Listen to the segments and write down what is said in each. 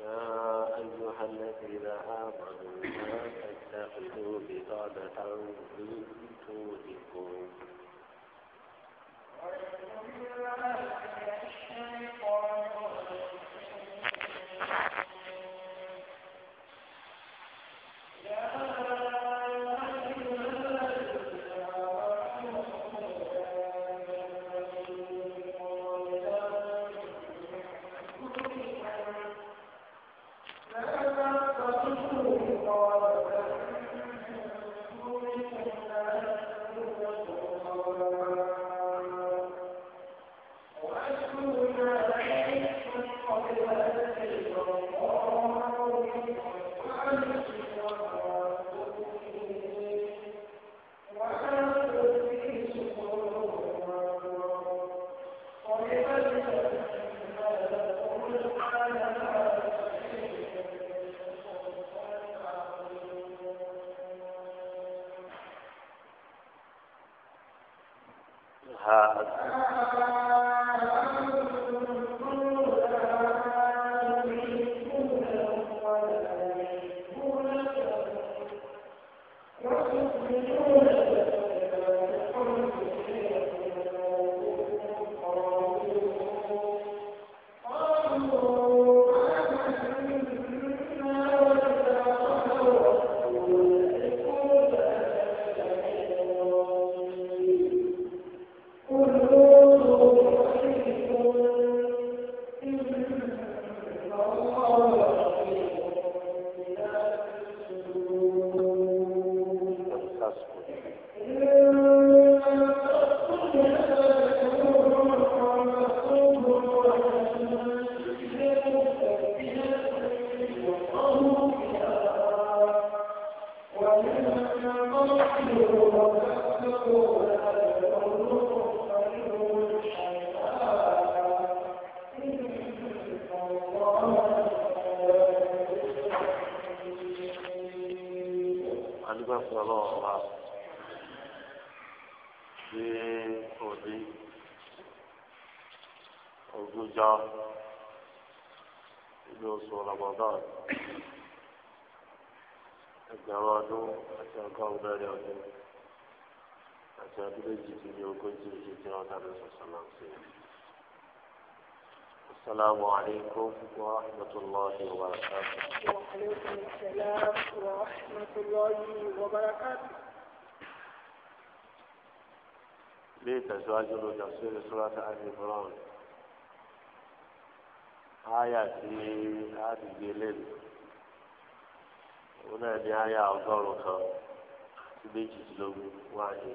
يا أيها الذين آمنوا لا تتخذوا بطانة من دونكم السلام عليكم ورحمة الله وبركاته وعليكم السلام ورحمة الله وبركاته لتزواجه تفسير سورة آل عمران آية في آل جليل هنا آية أوضارك في wá ní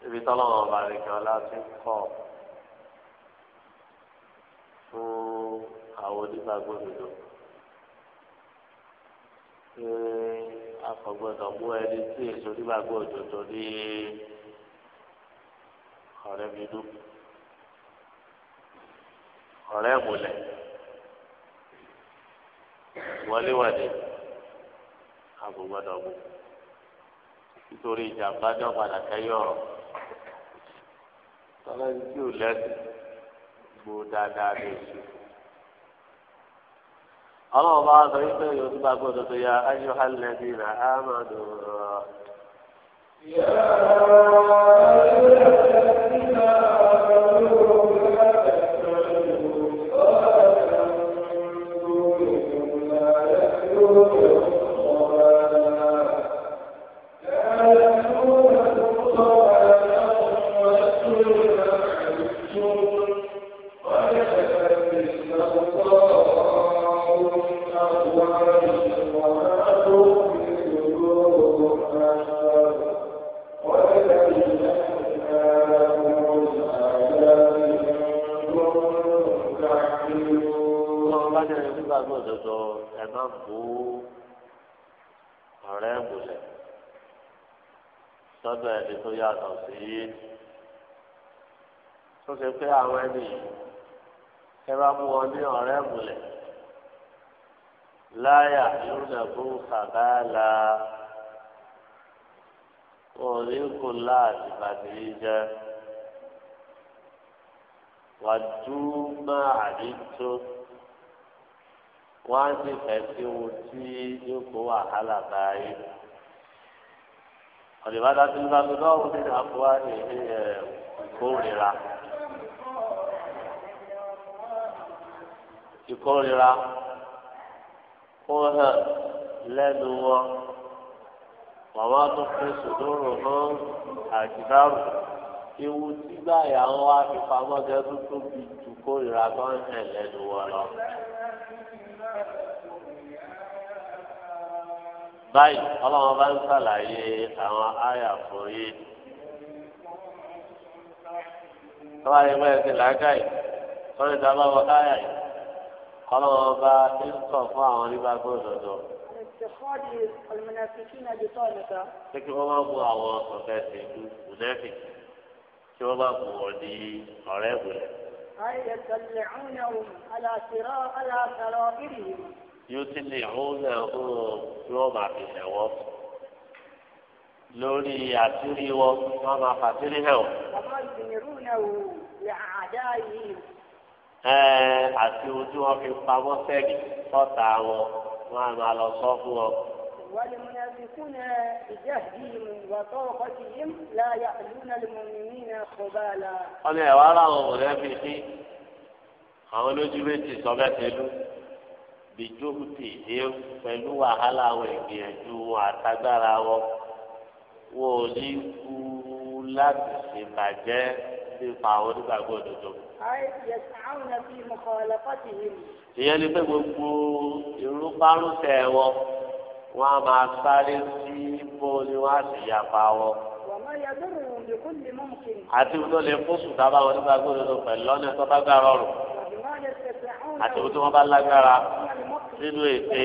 ti ibi tọ́lọ́mọba nìkan láti onígbàgbọ́ dodo ṣé akọ̀gbọ́dọ̀ mú ẹni tí èso onígbàgbọ́ dodo ní ọ̀rẹ́ mi dùn ọ̀rẹ́ múlẹ̀ wọléwọ̀dé akọ̀gbọ́dọ̀ mú nítorí ìjàmbá náà padà kẹ́yọ̀ tọ́lá ní kí ò lẹ́sìn gbó dáadáa lóṣù ọlọ́run bá sọ wípé yóò tún bá gbọ́dọ̀ tó ya ayé hàlẹ́ bí nà ámàdùn rọ̀. lọ́dọ̀ ẹni tó yàtọ̀ sí tó ṣe pé àwọn ẹni yìí ẹ bá mú wọn ní ọ̀rẹ́ ìmùlẹ̀ láyà lónàbó kàbáàlà òní kò láàdì bàtì yìí jẹ wàdú máa àdìtó wọn á sì fẹ́ sí ohun tí yóò kó wàhálà báyìí ọ̀dìbàdà tí ń bá mi lọ́wọ́ nínú àfọwá ní ilé ẹ̀ ìkórira. ìkórira kó hàn lẹ́nu wọn màmá tó fi sòdòrò hàn àjìdáàrò ewu tígbà yà wọn wá fi pamọ́ gẹ́gẹ́ tó tóbi ju kórira tó ń hàn lẹ́nu wọn lọ. báyìí ọlọ́run bá ń sàlàyé àwọn àyà fún yé tọ́wá yẹn bá ẹsẹ̀ làákàyè wọ́n ti dábàá wọ àyà yìí ọlọ́run bá ń sọ fún àwọn oníbà gbọ́dọ̀dọ̀. ṣé kí wọ́n máa mú àwọn ọ̀fẹ́ ṣe ìlú ìlẹ́fì kí wọ́n máa mú wọn ní ọ̀rẹ́ ìwòlẹ̀. ayé tẹ̀lé ọ̀hún ẹ̀hún alásìrọ̀ alásàrọ̀ ìrìnnì yóò ti lè hún náà hún kí wọ́n máa fi hẹ̀ wọ́n lórí àtúrí wọn wọ́n máa fàtírí hẹ̀ wọ́n. ẹ̀ẹ́ àti ohun tí wọ́n fi pamọ́ sẹ́ẹ̀kì sọ́ta wọn wọ́n á máa lọ sọ fún wọn. والمنافقون بجهدهم وطاقتهم لا يألون المؤمنين خبالا. àwọn olójú méjì sọ bẹ́ẹ̀ tẹ́lú bìjókùtì dé pẹ̀lú wàhálà àwọn ìgbìyànjú wọn àtagbára wọn wọn ò ní kú láti ṣèbàjẹ́ nípa àwọn onígbàgbọ́ òdodo. ìyẹn ni pé gbogbo ìrúbárúsẹ̀ wọn wọn a máa sáré sí bó ni wọn á sì yàpá wọn àti wọ́n lè fún sùn dábàá wọn nígbà gbọ́dọ̀ lọ pẹ̀lú lọ́nà tó bá gbà rọrùn àti òtún wọn bá lágbára nínú ète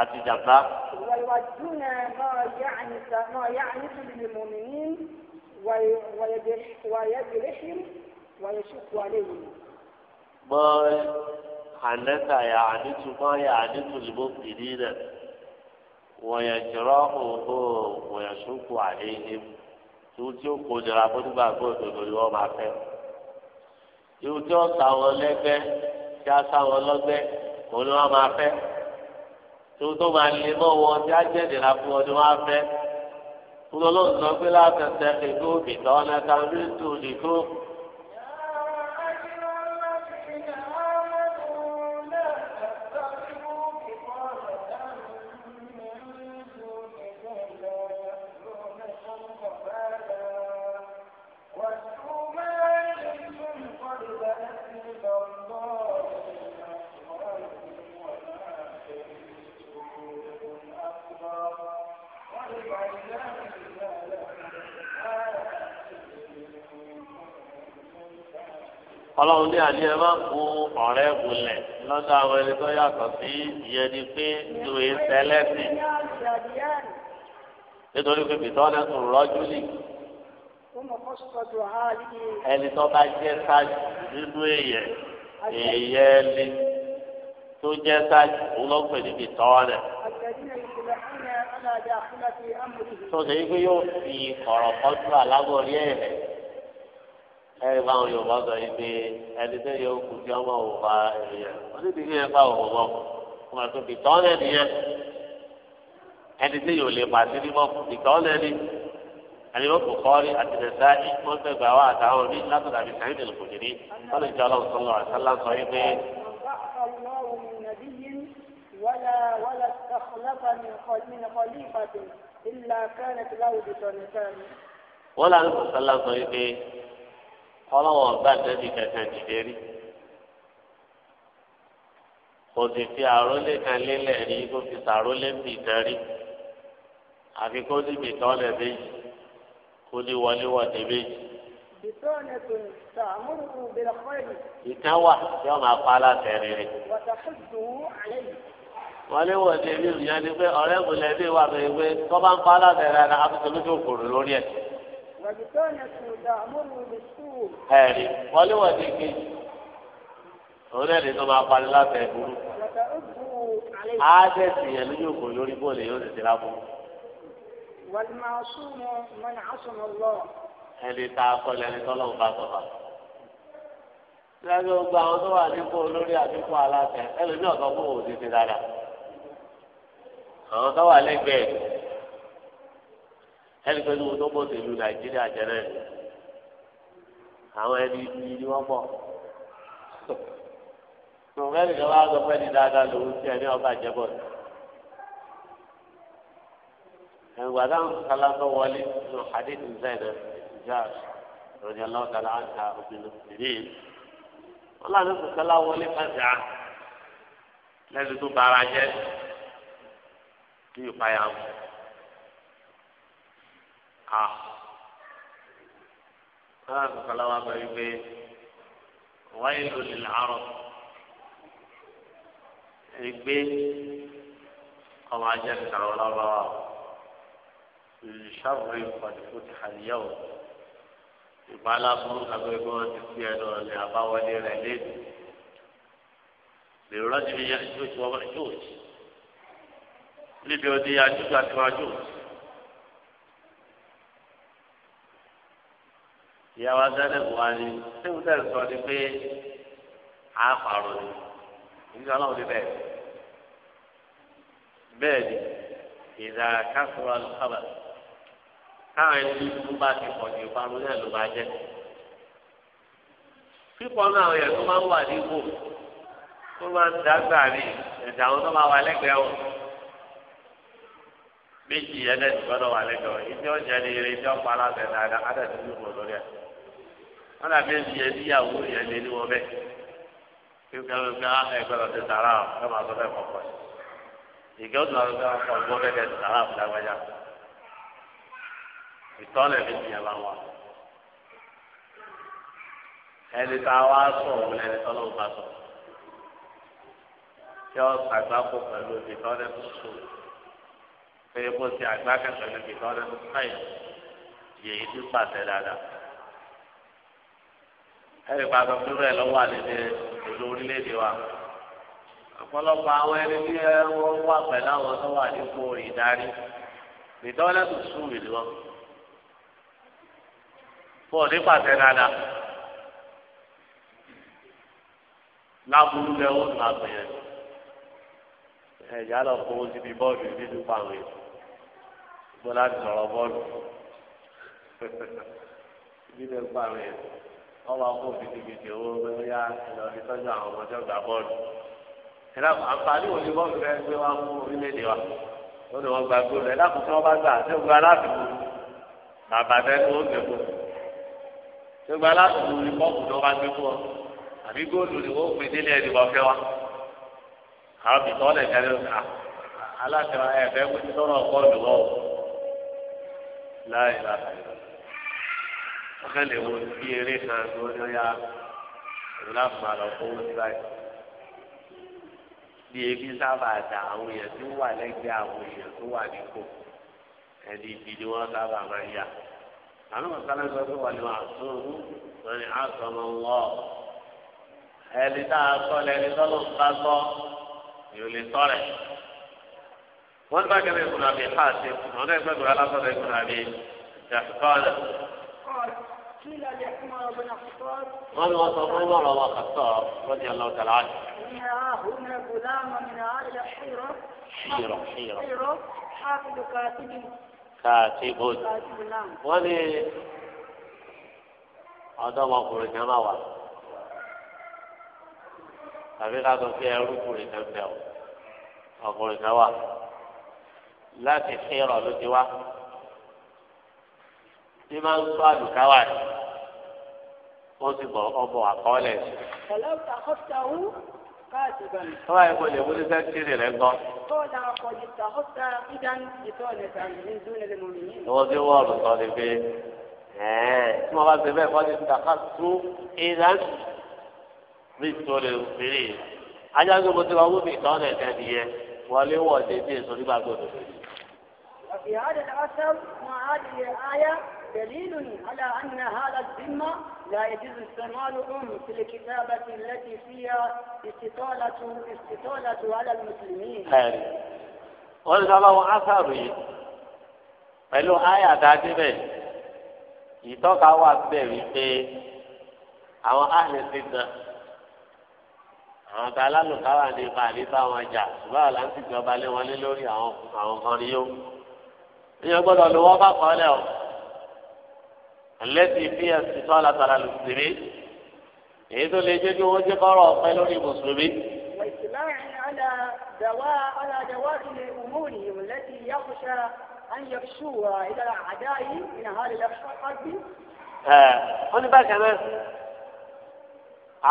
àti jàmbá. mọ ànẹ́ta yà àdìtú mọ yà àdìtú lìbó pìrì rẹ wọ̀nyẹ̀ jọ̀rọ̀ òhò wọ̀nyẹ̀ sùkú àdéhìn tó tí jọra bó nígbà gbọ́dọ̀ lórí wọn máa fẹ́ irú tí wọn sá wọn lẹgbẹ tí a sá wọn lọgbẹ òun ni wọn máa fẹ́ tó tó máa lè mọ wọn tí a jẹ ìdìrà fún wọn ni wọn fẹ́ tó lọ lọ sọ pé láti ẹsẹ ìlú òbí tọ́ náà ká lóṣù nìkó. dídà ni ẹ máa ń mú ọ̀rẹ́ bulẹ̀ lọ́dọ̀ àwọn ẹni tó yàtọ̀ sí ìyẹn ni pé ìwé sẹlẹ́sì nítorí pé bìtọ́lẹ̀ tó rọ́jú lì ẹni tó bá jẹ́ sáájú nínú èèyàn èèyàn ẹni tó jẹ́ sáájú òun ló ń pè tó ṣe é pé yóò fi ọ̀rọ̀ kọ́jú alágọ̀rí ẹ̀rẹ̀ ẹ̀rí báwọn yorùbá sọ yìí pé ẹni tẹ́ yóò kú tí ọmọ òun bá ẹ̀rí yẹn ti dìgbì yẹn pa òun bọ̀ wọ́n máa bìtọ́ lẹ́ni yẹn ẹni tẹ́ yóò lè pàṣẹ ní mọ́ bìtọ́ lẹ́ni ẹni wọ́n kò kọ́rí àtẹ̀sẹ̀ ìmọ̀ gbẹgbẹ́ àwọn àtàwọn ní látọ̀dà bíi sàyìn ní lùkùnjìní wọ́n lè jọ ọlọ́run sọ́lọ́ àṣálá sọ yìí pé. ولا ولا استخلف من خليفة إلا كانت له بسنتان. ولا صلى الله عليه وسلم ọlọ́wọ́ ọba àtẹ́bí kẹ̀kẹ́ dìde rí kò sì fi àrólé kan lélẹ̀ rí kó fi sàrólé ń bìtẹ́ rí àfi kó sì bìtọ́ lẹ̀ méjì kó ní wọléwọ̀dé méjì. ìtàn wà tí wọ́n máa pa aláṣẹ rere. wọléwọ̀dé méjì yẹn ni pé ọ̀rẹ́ ìbùlẹ̀ bí wà pé pé tó bá ń pa aláṣẹ rere àbùsùn lójú òkòrò lórí ẹ̀ ẹ̀rí wọlé wọlé kejì òun náà ní tó máa parí láti ẹ̀bùrú áádẹ́sì yẹn ló yóò kó lórí bóòlù yóò tètè lábọ́. ẹni tá a kọ́ lẹ́ni tọ́lọ́wọ́ bá sọ̀fà lẹ́nu gba àwọn tó wà nípò olórí àdínkù aláṣẹ ẹlòmíì ọ̀tọ̀ fún òun ti ti dára àwọn tó wà lẹ́gbẹ̀ẹ́ ẹni pẹ̀lú owó tó bọ̀ sí ìlú nàìjíríà jẹ́rẹ́ ni àwọn ẹni ibi ni wọ́n pọ̀ tó mẹ́rin kan wá sọ pé ní dáadáa lòun tí ẹni ọba jẹ́bọ̀ sí. ẹ̀wà dáhùn sálábọ̀ wọlé nínú hadith zaina ìjáàs rọ̀jẹ̀ lọ́wọ́ dáná àjà obìnrin ìdílé wọn láti sọ sálábọ̀ wọlé fàjà lẹ́nu tó bára jẹ́ kí ìpayà wọn ha sábà kọkànlá wa gbọ́ wípé wáyé lòlì làárọ̀ ẹgbẹ́ ọmọ ajá kàrọ̀ lọ́wọ́ ìṣàbùrì pàtìkù ti hàníyà o ìpàlà fún agbègbè wọn ti fi ẹnu ọ̀lẹ́ àbáwọlé rẹ̀ léde lèrò lọ́jọ́ ìyá ìjọ́jú ọmọ ìjọ́jú níbi ọdún ìyá ìjọ́jú àti wájú òsì. ìyàwó azẹ́lẹ̀ wà ní tíwù tẹ̀ sọ ni pé a pààrọ̀ ni ìdí ọlọ́run ti bẹ́ẹ̀ bẹ́ẹ̀ ni ìdá káfíńwá ló kábà káwọn ẹni tó bá ti pọ̀ jù parun náà ló máa jẹ́ pípọ̀ náà àwọn èèyàn máa ń wà ní ibò tó máa ń dàgbà ní ẹ̀dá àwọn tó máa wà lẹ́gbẹ̀ẹ́ wọn méjì yẹn lẹ́sìn gbọ́dọ̀ wọn là bẹ ní ẹdíyàwó yẹn lé ní wọn bẹ kí wọn kẹrin gbá ẹgbẹrún ti sàrà ọ máa sọ bẹ́ẹ̀ kọ́kọ́ ìgbẹ́ ọdún àwọn ọgbà ọkọ ọgbọ bẹ́ẹ̀ kẹrin sàrà ọ lágbájá ìtọ́lẹ̀ mi ti yàrá wọn ẹni tá a wá sọ òun lẹni tọ́lọ́ ń bá sọ tí ọ sàgbákò pẹ̀lú ìtọ́lẹ̀ tó sùn pé bó ti àgbákẹ́ pẹ̀lú ìtọ́lẹ̀ tó sàyè ẹ̀rí pa fún rẹ̀ lọ́wọ́ àdéhùn ìlú orílẹ̀-èdè wa. ọ̀pọ̀lọpọ̀ àwọn ẹni tí wọ́n wà pẹ̀lú àwọn tó wà nípò ìdarí ìdánwẹ́lẹ́ tó sùn mí lọ. fún òní pàṣẹ dáadáa láburú lẹ́wọ́ tó máa bẹ̀rẹ̀ ẹ̀yà lọ fún ojú bí bọ́ọ̀lù gbọ́dọ̀ sọ̀rọ̀ bọ́ọ̀lù wọ́n máa kó fìdífìdí owó bóyá lọ sí tọ́jú àwọn ọmọdé ọgbà bọ́ọ̀lù. ìlà àǹfààní wo ni bọ́ọ̀lù fẹ́ gbé wá fún orílẹ̀-èdè wa ó ní wọ́n gba góòlù ẹ̀ lákòókò wọn bá gbà ṣé gba aláàbò bàbá bẹ́ẹ̀ ni ó ń gbẹ̀kọ́ ṣé gba aláàbò ni bọ́ọ̀lù ni bá gbé ọ àbí góòlù ni wọ́n pè délé ẹni wọ́n fẹ́ wa. àwọn bìtọ́ lẹ̀ tẹ́lẹ̀ aláṣẹ ẹ̀fẹ́ pé tọ́rọ̀ bọ́ọ̀lù wọ́ọ̀ ọkàn lè wo bí eré kan tó ní ọyá ìlànà àlọ fowó síra yìí bí ebi sábà dà àwọn èèyàn tó wà lẹ́gbẹ̀ẹ́ àwọn èèyàn tó wà nípò ẹni ibi ni wọn sábà máa ń yà àwọn ọ̀sán sọ pé wà ní àtúntò wọn ni àtọmọ wọn ẹni tá a sọ lẹni tọ́lọ́ ń bá sọ yóò lè tọ́rẹ̀ wọn bá kẹ́lẹ́ ìkùnà bíi káàsì ìkùnà ìgbẹ́gbẹ́ alásọ̀rọ̀ ìkùnà bíi jàpọ̀ náà wọ́n ní wọ́n sọ fún ìmọ̀ràn wa kàtọ́ lọ́dí ọlọ́wọ́ tẹ̀lé àjò. ṣírọ̀ ṣírọ̀ kàtìbò wọ́n ní ọ̀dọ́mọkùnrin kan máa wà tàbí ká sọ pé ẹrúkùnrin kan bẹ̀ ọ́ ọkùnrin kan wà láti ṣírọ̀ ló ti wá bí máa ń sọ àdùkáwà ni ó sì bọ̀ ọbọ̀ àkọọ́lẹ̀. tọ́wá yìí kò lè wúlé sẹ́ńtírì rẹ̀ gan. lọ́wọ́ sí wọ́ọ̀lù sọ ni pé tí wọ́n bá ṣe bẹ́ẹ̀ kọ́ni kàkà tú ìlànà bí tó lè fèrè. ajá gbogbo tí wọ́n wú mi ìtọ́nà ẹ̀ka nìyẹn wọlé wọ̀de bí èso nígbàgbọ́ òdòdó. وفي هذا الأثر معادي الآية دليل على أن هذا الذمة لا يجوز استعمالهم في الكتابة التي فيها استطالة استطالة على المسلمين. wọ́n sọ báwọn asáàrù yìí pẹ̀lú àyà dájú bẹ́ẹ̀ ìtọ́ka wà bẹ́ẹ̀ wípé àwọn àhìnsì gan àwọn tá a lálùkà wà nípa àdìbá wọn jà ṣùgbọ́n àlàǹtì ìjọba lé wọn lé lórí àwọn kan rí yó. ìyẹn gbọ́dọ̀ lówó bá kọ́ lẹ́ o lẹ́sì fi ẹ̀sìn tó alátara lù síbi èyí tó lè jẹ́ kí wọ́n jẹ́ kọ́rọ̀ ọ̀pẹ lórí mùsùlùmí. wọ́n ní bákan náà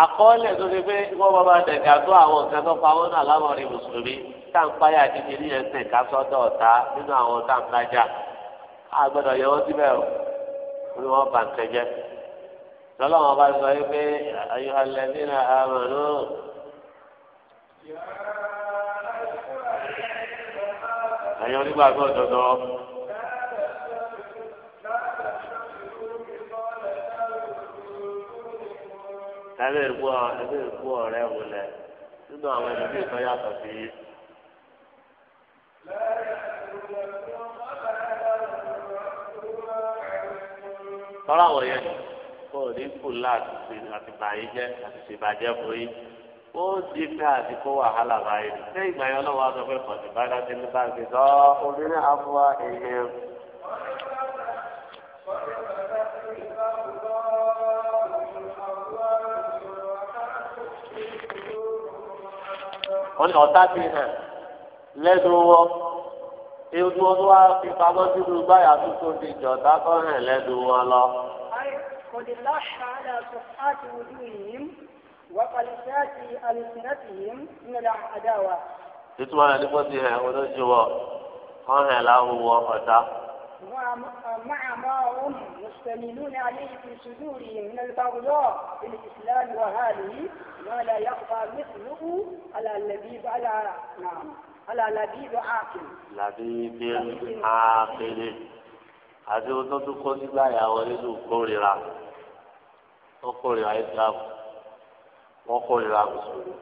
àkọọ́lẹ̀ tó ti pé wọ́n bá bá dẹ̀gà tó àwọn nǹkan tó pa wọ́n náà lámọ̀rin mùsùlùmí táǹpáyà kékeré yẹn sìn ká sọ́dọ̀ ọ̀tá nínú àwọn táǹpájà àgbọ̀dọ̀ yẹ wọ́n síbẹ̀ o wọ́n wọ́n bá nǹkan jẹ́ lọ́lọ́wọ́n bá sọ yìí pé ayélujára lẹ́bí náà àmọ́ náà. ẹ̀yin onígbàgbọ́ òdodo. ẹ̀mí ìgbọ́ ọ̀rẹ́ wọlé nínú àwọn ẹni bí ìtọ́yàtọ̀ sí yìí. tọ́lá wọ̀ yẹn kó o ní kú láti ṣe àti bàyí jẹ́ àti ṣe bàjẹ́ fún yín ó di pé àti kó wàhálà báyìí ṣé ìgbà yẹn lọ́wọ́ àti ọ̀fẹ́ kọ̀ọ̀tì bá dá sí nípa àti sọ obìnrin àfọwà èèyàn. wọ́n ní ọ̀tá ti hàn lẹ́nu wọ́n ewu ọdún wa fi pamọ́ sínú báyà tuntun ti jọ̀dá kọ́ hàn lẹ́nu wọn lọ. قد لاح على صفحات وجوههم وقلسات ألسنتهم من العداوة. تتوى أن يقصيها ونجوى قال له وقتا مع ما هم مستملون عليه في صدورهم من البغضاء في الإسلام وهذه ما لا يخفى مثله على الذي على نعم alábìbí àkìlì. làbìbí àkìlì àti ohun tó tún kó nígbà ìyàwó nínú kórìíra wọn kórìíra islam wọn kórìíra mùsùlùmí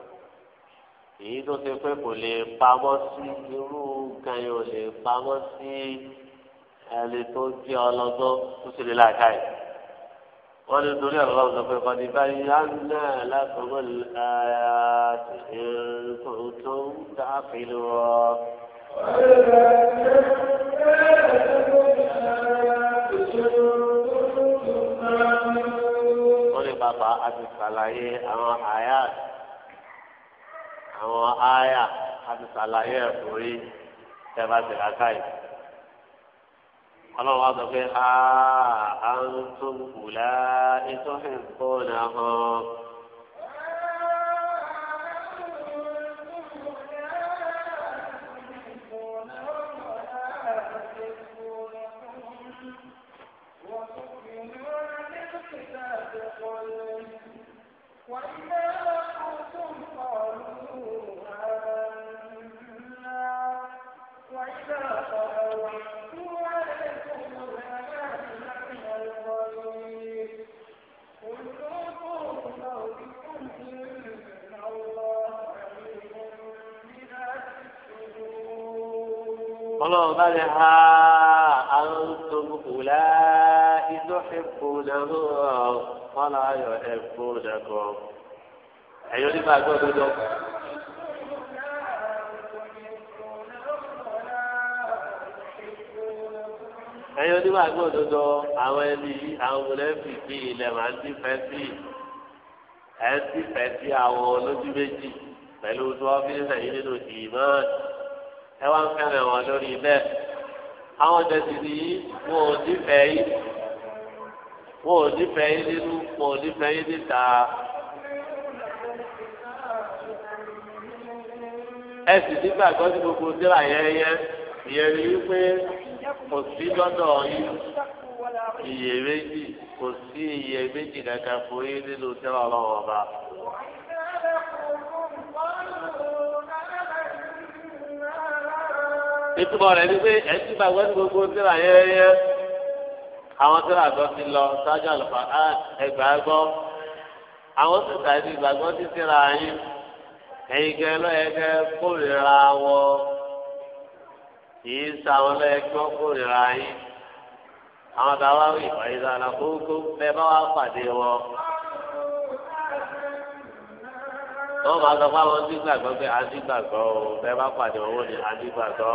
èyí tó ṣe pé kò lè pamọ́ sí irú nǹkan yìí ò lè pamọ́ sí ẹni tó jẹ́ ọlọ́gbọ́n tó ṣe lè láàká ولتري الغوث في قد بينا لكم الآيات إن كنتم تعقلون Àwọn àyà àti sàlàyé ẹ̀fọ́ yìí ṣẹba ti ràkà yìí. ọlọ́wọ́ sọ pé a à kùlá ètò ẹ̀kọ́ hàn. Thank ọlọ́run bá lè ha àǹtọ̀mùkùlá ìlú ìfúnnàmù ọ̀nà ayọ̀ ẹ̀fúnnàkọ̀. ẹ̀yin onígbà gbọ́dọ̀ lọ. ẹ̀yin onígbà gbọ́dọ̀ lọ àwọn ẹni àwọn mọ̀lẹ́bí bí ilẹ̀ máa ń dìfẹ́ sí ẹ̀ ń dìfẹ́ sí àwọn olójú méjì pẹ̀lú tí wọ́n fi ń sẹ̀yìn nínú ẹ wá ń fẹ́ràn wọn lórí bẹ́ẹ̀ àwọn ọ̀dẹ̀sì nìyí wọn ò nífẹ̀ẹ́ yìí wọn ò nífẹ̀ẹ́ yìí nínú wọn ò nífẹ̀ẹ́ yìí níta. ẹ sì nígbàgbọ́ sí gbogbo síra yẹ́yẹ́ ìyẹn ni wípé kò sí lọ́dọ̀ yìí iyèméjì kò sí iyèméjì kankan fún yín nínú síra ọlọ́wọ́ ọba. ìtumọ̀ rẹ̀ ni pé ẹtí gbàgbọ́ ní gbogbo síra àwọn ti lọ àlùfà àwọn ti gbàgbọ́ sí yín ẹ̀yin kórìíra wọ. kìí sa àwọn kórìíra yín àwọn tàwa ìfàyè kókó bẹ́ẹ̀ bá wà pàdé wọn. tọ́wọ́ bá sọ fáwọn onígbàgbọ́ pé adígbàgbọ́ o bẹ́ẹ̀ bá pàdé owó ni adígbàgbọ́.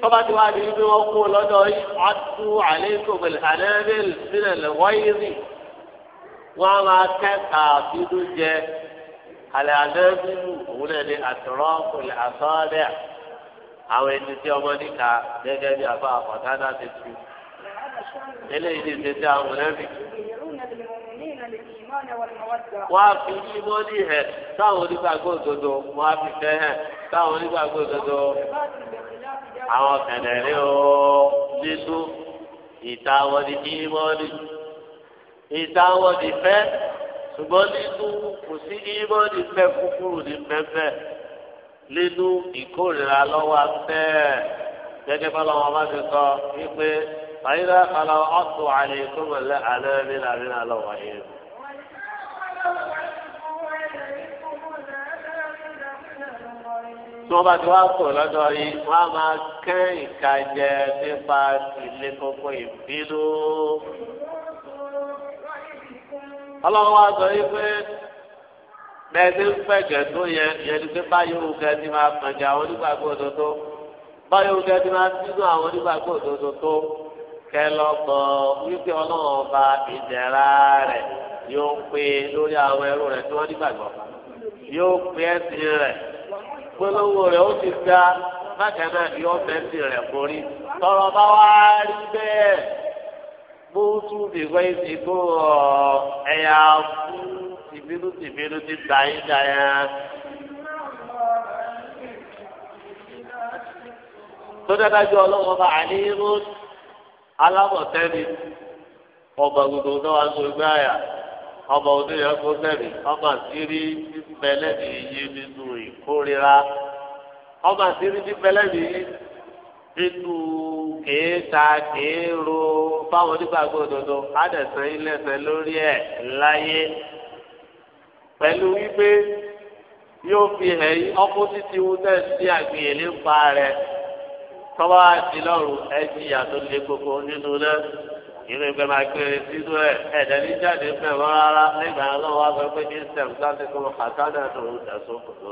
tọ́ba tí wàá di ibi wọn kú lọ́dọ̀ ọtú àlékún pẹ̀lú àlẹ́rẹ́ sílẹ̀ lẹ́wọ́yìrì wọ́n á máa kẹ́ka bídú jẹ àlẹ́ àlẹ́rẹ́ òun náà àtúrọ́ pẹ̀lú àtọ́ọ́dẹ́ àwọn ẹni tí ọmọ níka gẹ́gẹ́ bí afọ àpọ̀tánà ti tu eléyìí ti ṣe àwọn mọ̀lẹ́bí. wọ́n á fi mímọ́ ní ẹ̀ táwọn onígbàgbọ́ òdodo wọ́n á fi fẹ́ ẹ̀ táwọn onígbàgbọ́ òdodo àwọn kẹ̀lẹ́rẹ́ o nínú ìtawọ́ ni mímọ́ ní ìtawọ́ ni fẹ́ ṣùgbọ́n nínú kò sí mímọ́ ní fẹ́ kúkúrú ní pẹ́pẹ́ nínú ìkórìíra lọ́wọ́ abẹ́ gẹ́gẹ́ bá lọ́wọ́ bá ti sọ wípé. فإذا خلوا عضوا عليكم الأعلام الذين لوحين tí wọ́n bá ti wá kò lọ́dọ̀ yìí wọ́n á máa kẹ́ ìkàjẹ nípa ilé kókó ìbínú. ọlọ́run wá sọ yìí pé bẹ́ẹ̀ ti ń pẹ̀jẹ̀ tó yẹ yẹn ni pé báyìí òkè ti máa pẹ̀jẹ̀ àwọn onígbàgbọ́ òdodo báyìí òkè ti máa bínú àwọn onígbàgbọ́ òdodo tó. kẹlọgbọ wípé Ọlọ́run ọba ìdẹ̀ra rẹ̀ yóò pé lórí àwọn ẹrú rẹ̀ tí wọn nígbàgbọ́ yóò pé ẹsìn rẹ̀ polówó rẹ̀ ó ti ga bákan náà ni wọn fẹẹ sìn rẹ̀ borí tọrọ bá wá rí bẹ́ẹ̀ bóòtú bìbọ ìsìnkú ọ ẹyà fún tìbínú tìbínú ti gbà yín dáyà. tó dáadáa ju Ọlọ́run ọba àlè rọ́ọ̀tù alábọ̀tẹ́ni ọba gbogbo tó wá sọ gbé àyà ọba oníyẹ fúnẹ́rì ọba sírí bíbélẹ̀ ní iye nínú ìkórira ọba sírí bíbélẹ̀ ní nínú kéèta kéèrò fáwọn onígbàgbọ́ òdodo adẹ̀sán ilẹ̀sẹ̀ lórí ẹ̀ láyé pẹ̀lú wípé yóò fi hẹ̀ yí ọkùnrin ti wú tẹ̀ sí àgbìyẹ̀lé ń pa rẹ̀ tọ́wọ́ àti lọ́rùn ẹ̀jì yàtọ̀ lé koko nínú náà ìrìn pé máa gbére sínú ẹ̀ ẹ̀dẹ̀ ní jáde pẹ̀ wọ́n rárá nígbà náà wọ́n sọ pé ní sẹ̀m sáńtì kó kàtánà tó ń tẹ̀sùn kòtò.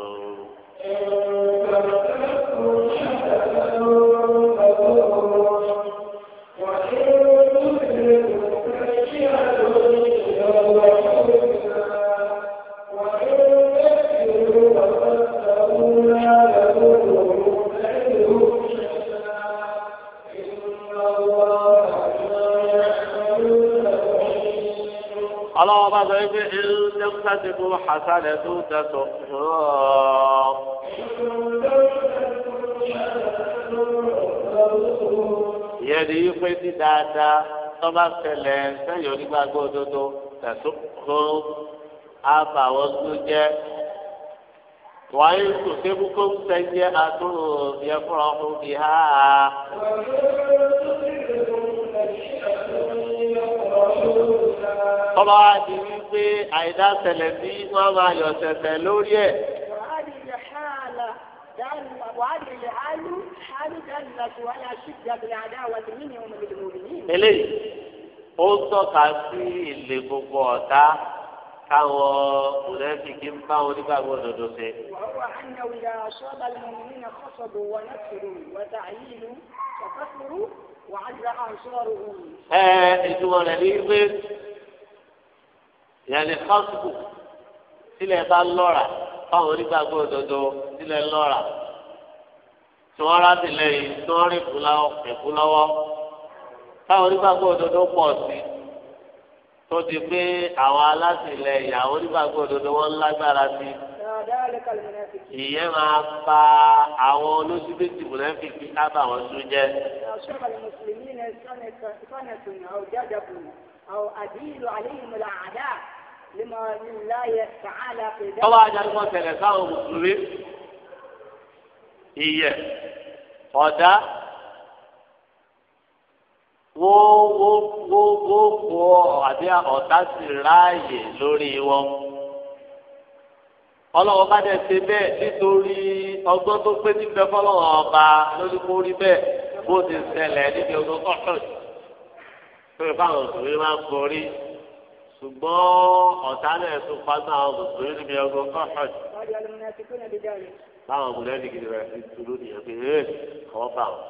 ọlọ́wọ́ bá sọ wípé ilé ń tẹ̀síkú hasanẹ̀ tó tẹ̀sọ̀ ìyẹn ni wípé ti dáadáa tọ́ba ṣẹlẹ̀ sẹ́yìn onígbàgbọ́ òdodo tẹ̀sọ̀ àbàwọ̀ tó jẹ́ wàyí kò sébùkọ́ ń tẹ̀ àtúrò yẹ fúnra ọkùnrin ha. kọ́ba wa di wípé àìdá ṣẹlẹ̀ sí wọ́n máa yọ̀ ṣẹ̀ṣẹ̀ lórí ẹ̀. eléyìí ó tọ́ka sí ilé gbogbo ọ̀tá káwọn mùlẹ́fìkì ń bá wọn nígbàgbọ́ òdodo ṣe. ẹ ẹ ìtumọ̀ rẹ̀ ní pé yẹnni kọ́sùkù sílẹ̀ bá lọ́ra fáwọn onígbàgbọ́ òdodo sílẹ̀ lọ́ra tí wọ́n rántí lẹ́yìn tí wọ́n rí ẹ̀kú lọ́wọ́ fáwọn onígbàgbọ́ òdodo pọ̀ sí tó di pé àwọn alátìlẹyìn àwọn onígbàgbọ́ òdodo wọn lágbára sí ìyẹn máa fa àwọn olóṣèlú mùnàfíkì ábà wọn tún jẹ. أو أدين عليهم الأعداء tọ́wọ́ ajá ni wọ́n tẹ̀lé sáwọn mùsùlùmí ìyẹ̀ ọ̀dá gbogbogbò àti ọ̀tá sì ráàyè lórí wọn. ọlọ́wọ́ bá dẹ̀ ṣe bẹ́ẹ̀ nítorí ọgbọ́n tó pé níbẹ̀ fọlọ́wọ́ ọba lórí kó rí bẹ́ẹ̀ bó ti ṣẹlẹ̀ níbi ọdún kọ́kọ́. pé fáwọn òṣèré máa ń borí ṣùgbọ́n ọ̀tá náà tún pátá àwọn mùsùlùmí níbi ọgbọ́n kọ́ọ̀tù. báwọn ọmọdé ní gidi rẹ̀ ti tulu nìyẹn pé ẹ kọ́ bá wọn.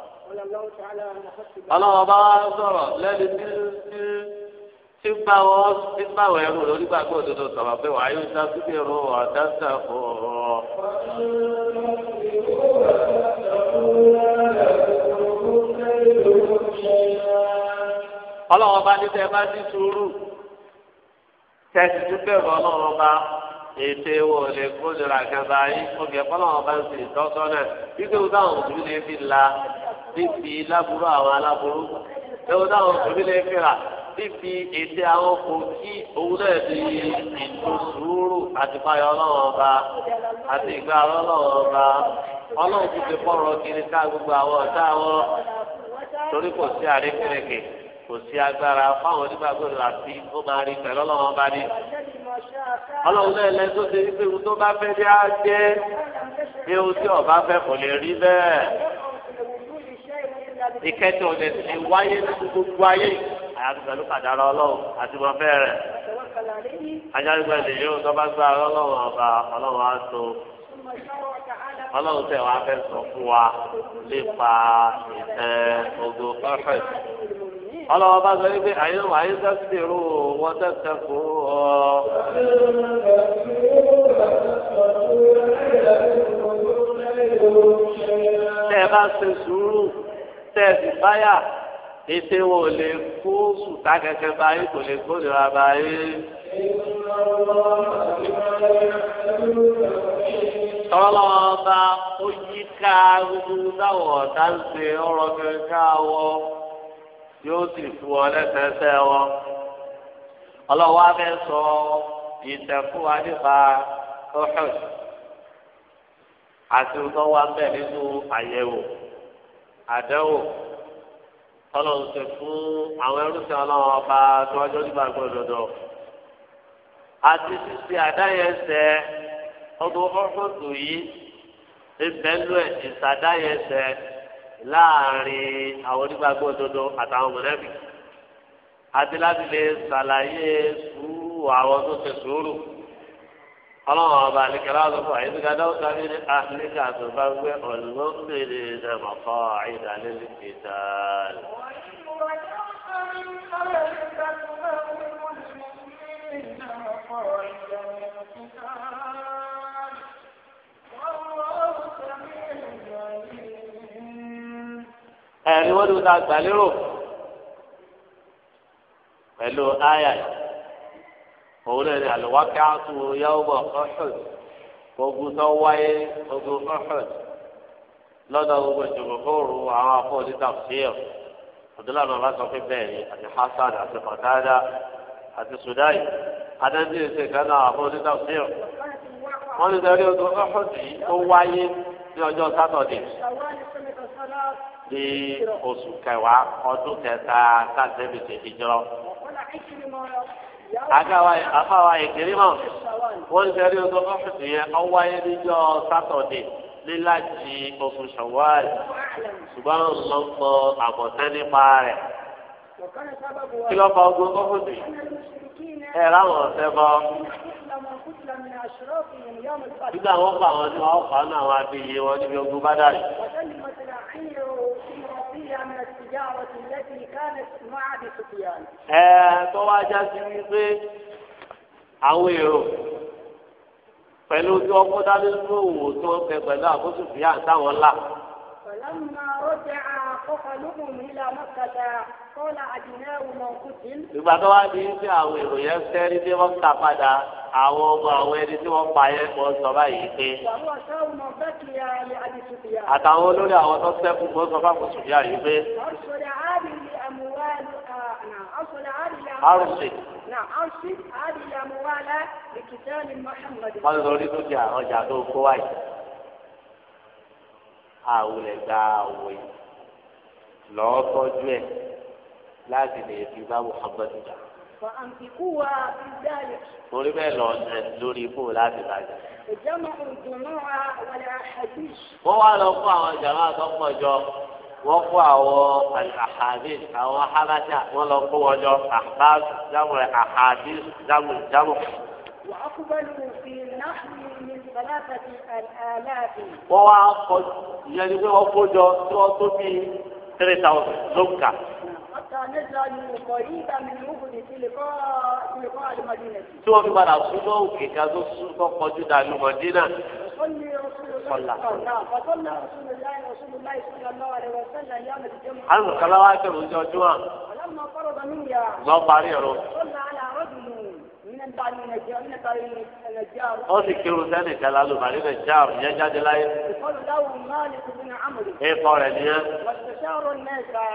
ọlọ́wọ́ bá wá sọ̀rọ̀ lẹ́ni tí tí ń bá wọn tí ń bá wọn ẹrù lórí gbàgbọ́ òdodo sọ̀rọ̀ pé wàá yóò dá síbi ẹ̀rọ ọ̀dá sàkó ọ̀rọ̀. ọlọ́wọ́ bá ní tẹ́ bá ti sùúrù. tẹsí tó bẹ̀rù ọlọ́run ọba ètò ewu olè kódìrà kẹba yìí ọbẹ̀ ọlọ́run ọba ń tọ́tọ́ náà fi la níbi laburu àwọn aláburú ewu táwọn òbí lè fi àwọn kò kí owó náà di ètò sùúrù àti àti ọba ti kiri ká gbogbo àwọn ọ̀tá wọn torí kò sí kò sí agbára fáwọn onígbàgbọ́dọ̀ àti ó máa rí pẹ̀lú ọlọ́run bá ní. ọlọ́run náà lẹ́nu tó ṣe wípé ohun tó bá fẹ́ dé á jẹ́ bí ohun tí ọba fẹ́ kò lè rí bẹ́ẹ̀. ìkẹtì ọ̀dẹ̀ ti wáyé ní gbogbo ayé àyàfi pẹ̀lú kàdára ọlọ́run àti wọn fẹ́ rẹ̀. ajárígbà lè yóò tó bá gba ọlọ́run ọba ọlọ́run á so. ọlọ́run tẹ̀ wá fẹ́ sọ fún wa nípa ìtẹ́ ogun ọlọ́wọ́ bá sọ wípé àyẹ̀wò àyẹ̀sẹ̀ ṣèrò wọ́n tẹ̀sẹ̀ kú ọ. tẹ́ ẹ bá ṣe sùúrù tẹ́ ẹ sì báyà ètè wo lè kó sùtá kẹ̀kẹ́ báyìí kò lè kó nira báyìí. tọ́lọ́ bá ó yí ká gbogbo táwọn ọ̀tá ń ṣe ọ̀rọ̀ kẹ̀kẹ́ àwọ̀ yóò sì fún ọ lẹ́sẹẹsẹ wọn ọlọ́wọ́ abẹ́ sọ ìtẹ̀kùn adìpa ọ̀hún àti ìtọ́wọ́ abẹ́ nínú àyẹ̀wò àdẹ́wò ọlọ́run ṣe fún àwọn ẹrúṣẹ́ ọlọ́run ọba tí wọ́n jọ nígbà gbọ́dọ̀dọ̀ àti ṣíṣe àdáyẹsẹ̀ ọdún ọ̀hún tó yìí ìbẹ́lú ẹ̀ ìṣàdáyẹsẹ̀ láàrin àwọn onígbàgbọ́ òdodo àtàwọn mọ̀lẹ́bí àti láti lè ṣàlàyé sùúrù àwọn tó ṣe sùúrù ọlọ́run ọba àlekẹ́lá tó fọ àyíká dáwọ́ta ní àlekà tó bá gbé ọ̀lọ́mọdé nàmọ̀kọ́ ìdálẹ́lẹ́ ìdáàlẹ́. Thank you. ẹ̀rí wọ́n ti ta gbàlérò pẹ̀lú àyà òun náà ni àlùwákẹ́ àtú yàwùbọ̀ ọ̀hún ogun tó wáyé ogun ọ̀hún lọ́dọ̀ gbogbo jòkòkòrò àwọn afọ́ọ̀dì tàfsíọ̀ ọ̀dọ́là bàbá sọ pé bẹ́ẹ̀ ni àti hasan àti Fatada, àti sudai adájú ìṣe kaná àfọ́ọ̀dì tàfsíọ̀ wọ́n ti sọ pé ogun ọ̀hún yìí ó wáyé ní ọjọ́ sí oṣù kẹwàá ọdún kẹta káàdébì ti fi jọ. àfàwà ìkiri mọ̀ wọ́n ń sẹ́rí oṣù ọ́fíìsì yẹn ọwọ́ ayé níjọ́ sátọ̀dé líláàjì oṣù ṣọ̀wáàlì ṣùgbọ́n lọ́pọ̀ àbọ̀tán nípa rẹ̀ kí ló fa ogun kókó sí ẹ ráwọn ọ̀sẹ̀ bọ́ nígbà wọn fa àwọn tí wọn fà á náà wọn abiyẹ wọn níbi ogun bá dà yìí. ẹ tó wá já sí wípé àwọn èrò pẹ̀lú tí wọ́n kó dání ló wò tí wọ́n fẹ́ pẹ̀lú àkóso fìyà táwọn là. pẹ̀lú àwọn ọjà àkọ́kọ́ lókun mi là mọ́kàtà ìgbà tó wá di sí àwọn èrò yẹn sẹ́rí tí wọ́n ta padà àwọn ọmọ àwọn ẹni tí wọ́n pa yẹn kọ́ sọ báyìí pé. àtàwọn olórí àwọn tó sẹ́kù kó sọ fáwọn sùdíà yìí pé. arùsì. wọ́n lórí tó di ọjà tó kó wáyé. àwòlẹ̀ gba àwòyè lọ́ọ́ tọ́jú ẹ̀ láti lè fi bá muhammadu jà. torí bẹ́ẹ̀ lọ ẹ lórí ikú láti bàjẹ́. wọ́n wá lọ fún àwọn jàmbá tó pọ̀ jọ wọ́n kó àwọn alhadis àwọn habata wọ́n lọ kó wọn jọ ahbab jamu ahadis jamu jamu. في نحو من ثلاثة آلاف. wọ́n wá kọjú ìyẹn ni pé wọ́n kó jọ tí wọ́n tó bíi three thousand lóǹkà. فنجعل قريبا من مخلص لقاء لقاء المدينة. شو في بعض الصدوق كذا الصدوق موجود على المدينة. صلى صلى فصلى رسول الله رسول الله صلى الله عليه وسلم يوم الجمعة. أنا كلا واحد من الجمعة. ولما فرض منها. ما باري صلى على رجل ó sì kírun sẹ́nì kan lálù màrí bẹ̀ jáàm yẹn jáde láyé. ìkọlù dáhùn máàlì kùnú àmì. èèpọ̀ rẹ̀ nìyẹn. wàṣẹ̀ṣẹ̀ ọ̀rọ̀ mẹ́ta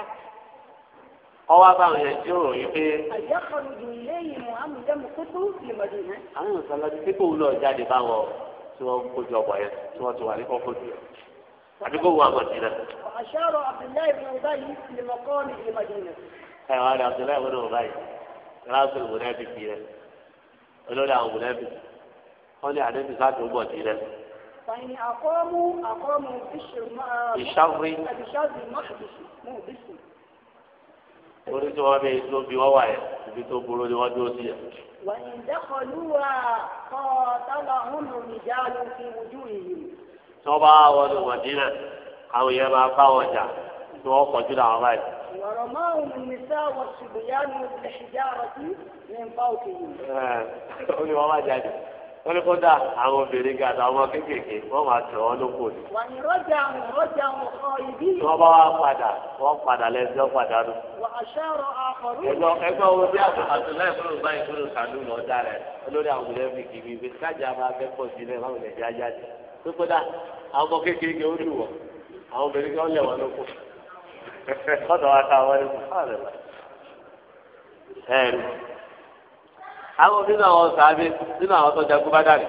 ọwọ́ abáwọn yẹn tí ó rò yìí pé. àyàkọ̀rọ̀ ìdílé yìí mọ̀ àmúdẹ́mu kótó ìmọ̀dé yẹn. àwọn èèyàn sọlá ti kékeré wúlò jáde báwọn tí wọ́n kójú ọ̀pọ̀ yẹn tí wọ́n ti wà ní kọ́kọ́ jù àbí kó wù àwọn ti rẹ̀. àṣàrò Abdullahi ibn Ubay lè mọ̀ kọ́ ní ìmọ̀dé ẹ wà ní Abdullahi ibn Ubay ráṣọ ìwúrẹ́ bìbí rẹ̀ olórí àwọn ìwúrẹ́ bìbí wọ́n ní orí tí wọ́n bẹ tó bí wọ́n wà yẹ ibi tó burú ni wọ́n dúró sí yẹ. wàyí dẹ́kọ̀lù wa kọ́ tọ́lá húnú ìjà ló fi ojú ìlú. tí wọ́n bá wọlé Mọdínà àwọn yẹn máa bá wọn jà tí wọ́n kọjú làwọn báyìí. ọ̀rọ̀ máa ń mú nísà wọ ṣùgbọ́n yánu ìjà rẹ̀ sí ní nǹkan òkè yìí. ó ní wọ́n má jáde. wọ́n awọn kódà àwọn obìnrin ga àtàwọn ọmọ kéékèèké wọ́n máa tẹ̀ wọ́n lóko ni. wọ́n bá wá padà wọ́n padà lẹ́sẹ̀ padà nù. wà á wo bí àtúnláì fún un báyìí fún lọ dá rẹ̀ olórí àwọn ilé fi kì í kájà máa fẹ́ pọ̀ sí báwo lè àwọn ọmọ kéékèèké àwọn nínú àwọn sàábé nínú àwọn tó jagun bá dàrí.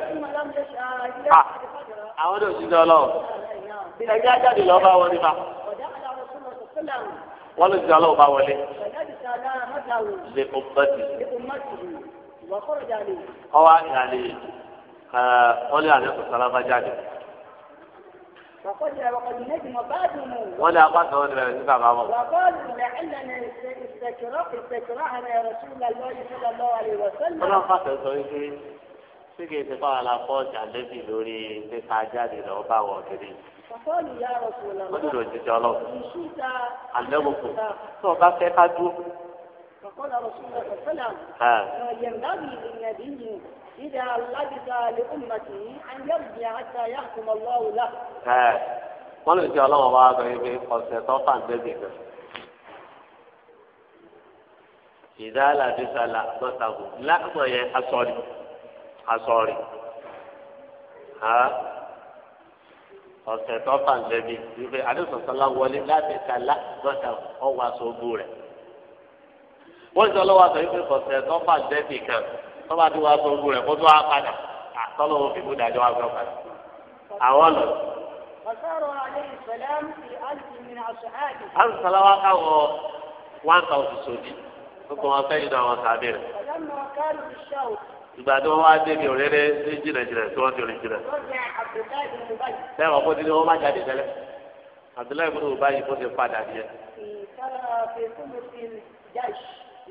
Ah, àwọn náà ṣiṣẹ́ ọlọ́run ẹgbẹ́ ajáde lọ́ọ́ bá wọn nípa wọ́n lè ṣiṣẹ́ ọlọ́run bá wọlé lè kó bẹ́tì. ọwọ́ àgbà ni wọ́n lé àlẹ́ kò sálábà jáde wọ́n ní apá kan níbẹ̀rẹ̀ sí bàbá wọn. wọ́n náà fàṣẹ sọ wípé tí kìí ṣe fáwọn aláfọ́ ṣàlẹ́bì lórí pípa jáde lọ́wọ́ bá wọ̀ kiri. wọ́n ní ìròyìn jíjọ́ lọ. àlẹ́ wò kù tó o bá fẹ́ ká dúró. فقال رسول الله صلى الله عليه وسلم ينبغي للنبي إذا لبث لأمته أن يرجع حتى يحكم الله له. wọ́n lè jẹ́ ọlọ́wọ́ wa gbé ibi ọ̀sẹ̀ tó fà ń débi kan. ìdá aládùúgbò lọ́tàbù láàmú yẹn asọ̀rì asọ̀rì ọ̀sẹ̀ tó fà ń débi ibi adúsọ̀sọ́lá wọlé láti kàlá lọ́tàbù ọwọ́ aṣọ ogun rẹ̀ wọ́n ti ọlọ́wọ́ àtọ̀ yìí pé kọ̀sẹ̀ tó fà dẹ́bì kan tó bá ti wá sọ ogun rẹ̀ kó tó wá padà àtọ́lọ́wọ́ fi kú dájọ́ wá gbọ́ padà. àwọn lọ. àrùsọ̀lá wa káwọ one thousand sódì gbogbo wọn fẹ́ yìí náà wọn sàbẹ̀ rẹ̀. ìgbà tí wọ́n wá débi òréré ní jìnnàjìnnà tí wọ́n ti rìn jìnnà. bẹ́ẹ̀ wọ́n kó dídí wọ́n má jáde tẹ́lẹ̀ Abdullahi ibùdó báyìí kó ti padà díẹ̀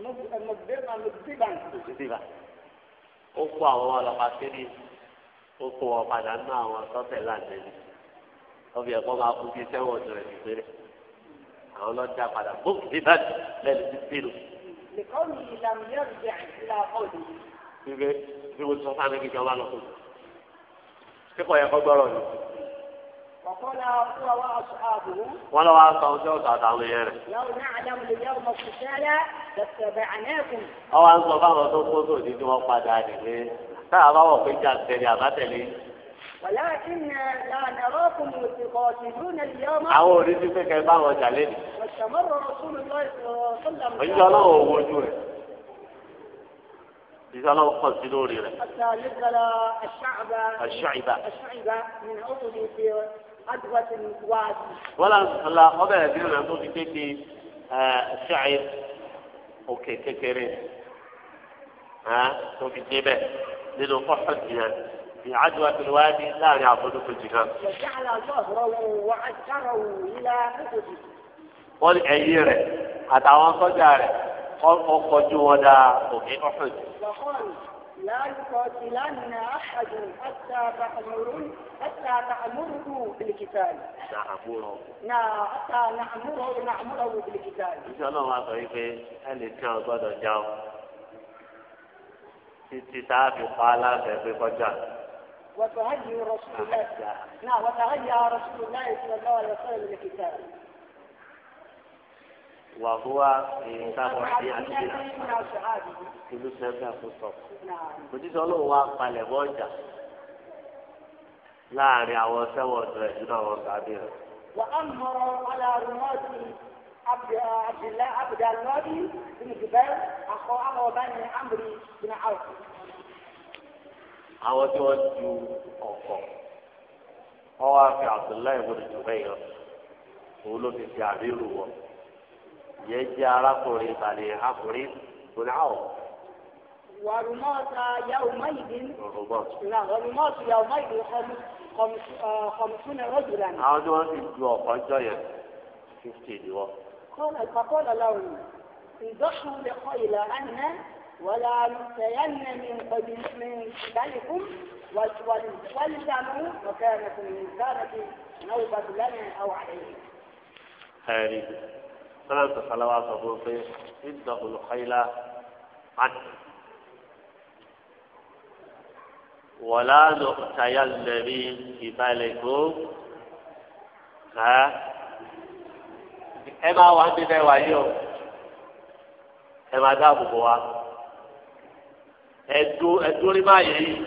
mùsùlùmí ó kó àwọn ọlọ́pàá kéde ó kó wọn padà nínú àwọn sọ́tẹ̀ láǹdẹ́lì ọbẹ̀ ẹ̀kọ́ máa kú bíi sẹ́wọ̀n ọ̀dọ̀ rẹ̀ nígbèrè àwọn ọlọ́jà padà bókì níbàdí lẹ́nu ti bínú. Bíbẹ́ bí mo sọ fún mi kí n jọba lọ fún mi. Kíkọ̀ yẹ kọ́ gbọ́rọ̀ ni wọ́n lọ́wọ́ aṣọ ọjọ́ ọ̀tọ̀ àtàwọn èèyàn rẹ̀. ọwọ́ aṣọ báwọn tó kó tó ní tí wọ́n padà nìyé táà bá wọ̀ pé jà ń tẹ̀lé àbátẹ̀lé. àwọn oríṣi pé kẹ́ báwọn jà lẹ́nu. òyìnbó ọlọ́run ò wojú rẹ̀ ìsàlọ̀ ọkọ̀ sí lórí rẹ̀. àṣà ìbá. àṣà ìbá wọ́n lọ sọ̀la ọbẹ̀ rẹ̀ bí ọ̀nà tó fi kéde ṣáàyè òkè kékeré tó fi débẹ̀ nínú fọ́fọ́ jìnnà ní àdúrà tó wáyé ní láàrin àbọ̀dún tó jìnnà. wọ́n ní ẹ̀yìn rẹ̀ àtàwọn sọ́jà rẹ̀ ọkọ̀ ju wọn dá òkè ọ̀fẹ́ لا يقاتلن أحد حتى تأمرن حتى تأمره بالقتال. نأمره. نعم حتى نأمره نأمره بالقتال. إن شاء الله ما طيب هل كان قد جاو títí tá a fi pa á láti ẹgbẹ́ kọjá. وتهيأ رسول الله نعم وتهيأ رسول الله صلى الله عليه وسلم للقتال. وهو تابع في عندنا كل سنة خطب ودي سؤال هو قال بوجه لا يعني هو سوى ترجمة وقعدين وأمر على رماد عبد عبد الله عبد الله بن جبال أخوه وبني عمرو بن عوف àwọn tí wọ́n ju ọ̀kọ̀ wọ́n wá fi Abdullahi ibn Jubayr òun ló fi fi àbí rù wọ́n yẹn jẹ́ arákùnrin ìbàdí akùnrin ìbùnà ọ̀. wàrúmọ́ọ̀tà yàwó máyìdín. wàrúmọ́ọ̀tà yàwó máyìdín kọ̀mùsùn ẹ̀rọ jùlá ni. àwọn tí wọ́n ti ju ọ̀pọ̀ ọjọ́ yẹn fifty ni wọ́n. kọ́lá ìpàkọ́lá làwọn ìdọ́sùn lè kọ́ ìlà àná wàlá àlùfẹ̀yánná mi nkọ̀dí mi ìdálẹ́kùn wàlùfẹ̀yánná ọ̀kẹ́ ẹ̀rẹ́kùn ìdálẹ́kùn náà wọ́n bá ti lẹ́nu àwọn àlẹ́ yìí sọ́dọ̀ tó fọlá wa sọ fún un pé ìdọ̀ olùkọ́yìlá àti wọ̀lá ló tayà lẹ́rí ìbálẹ̀ kó ká ẹ máa wà níbi ẹ wáyé o ẹ máa dáàbò bò wá ẹdú ẹdú rí máa yẹ yìí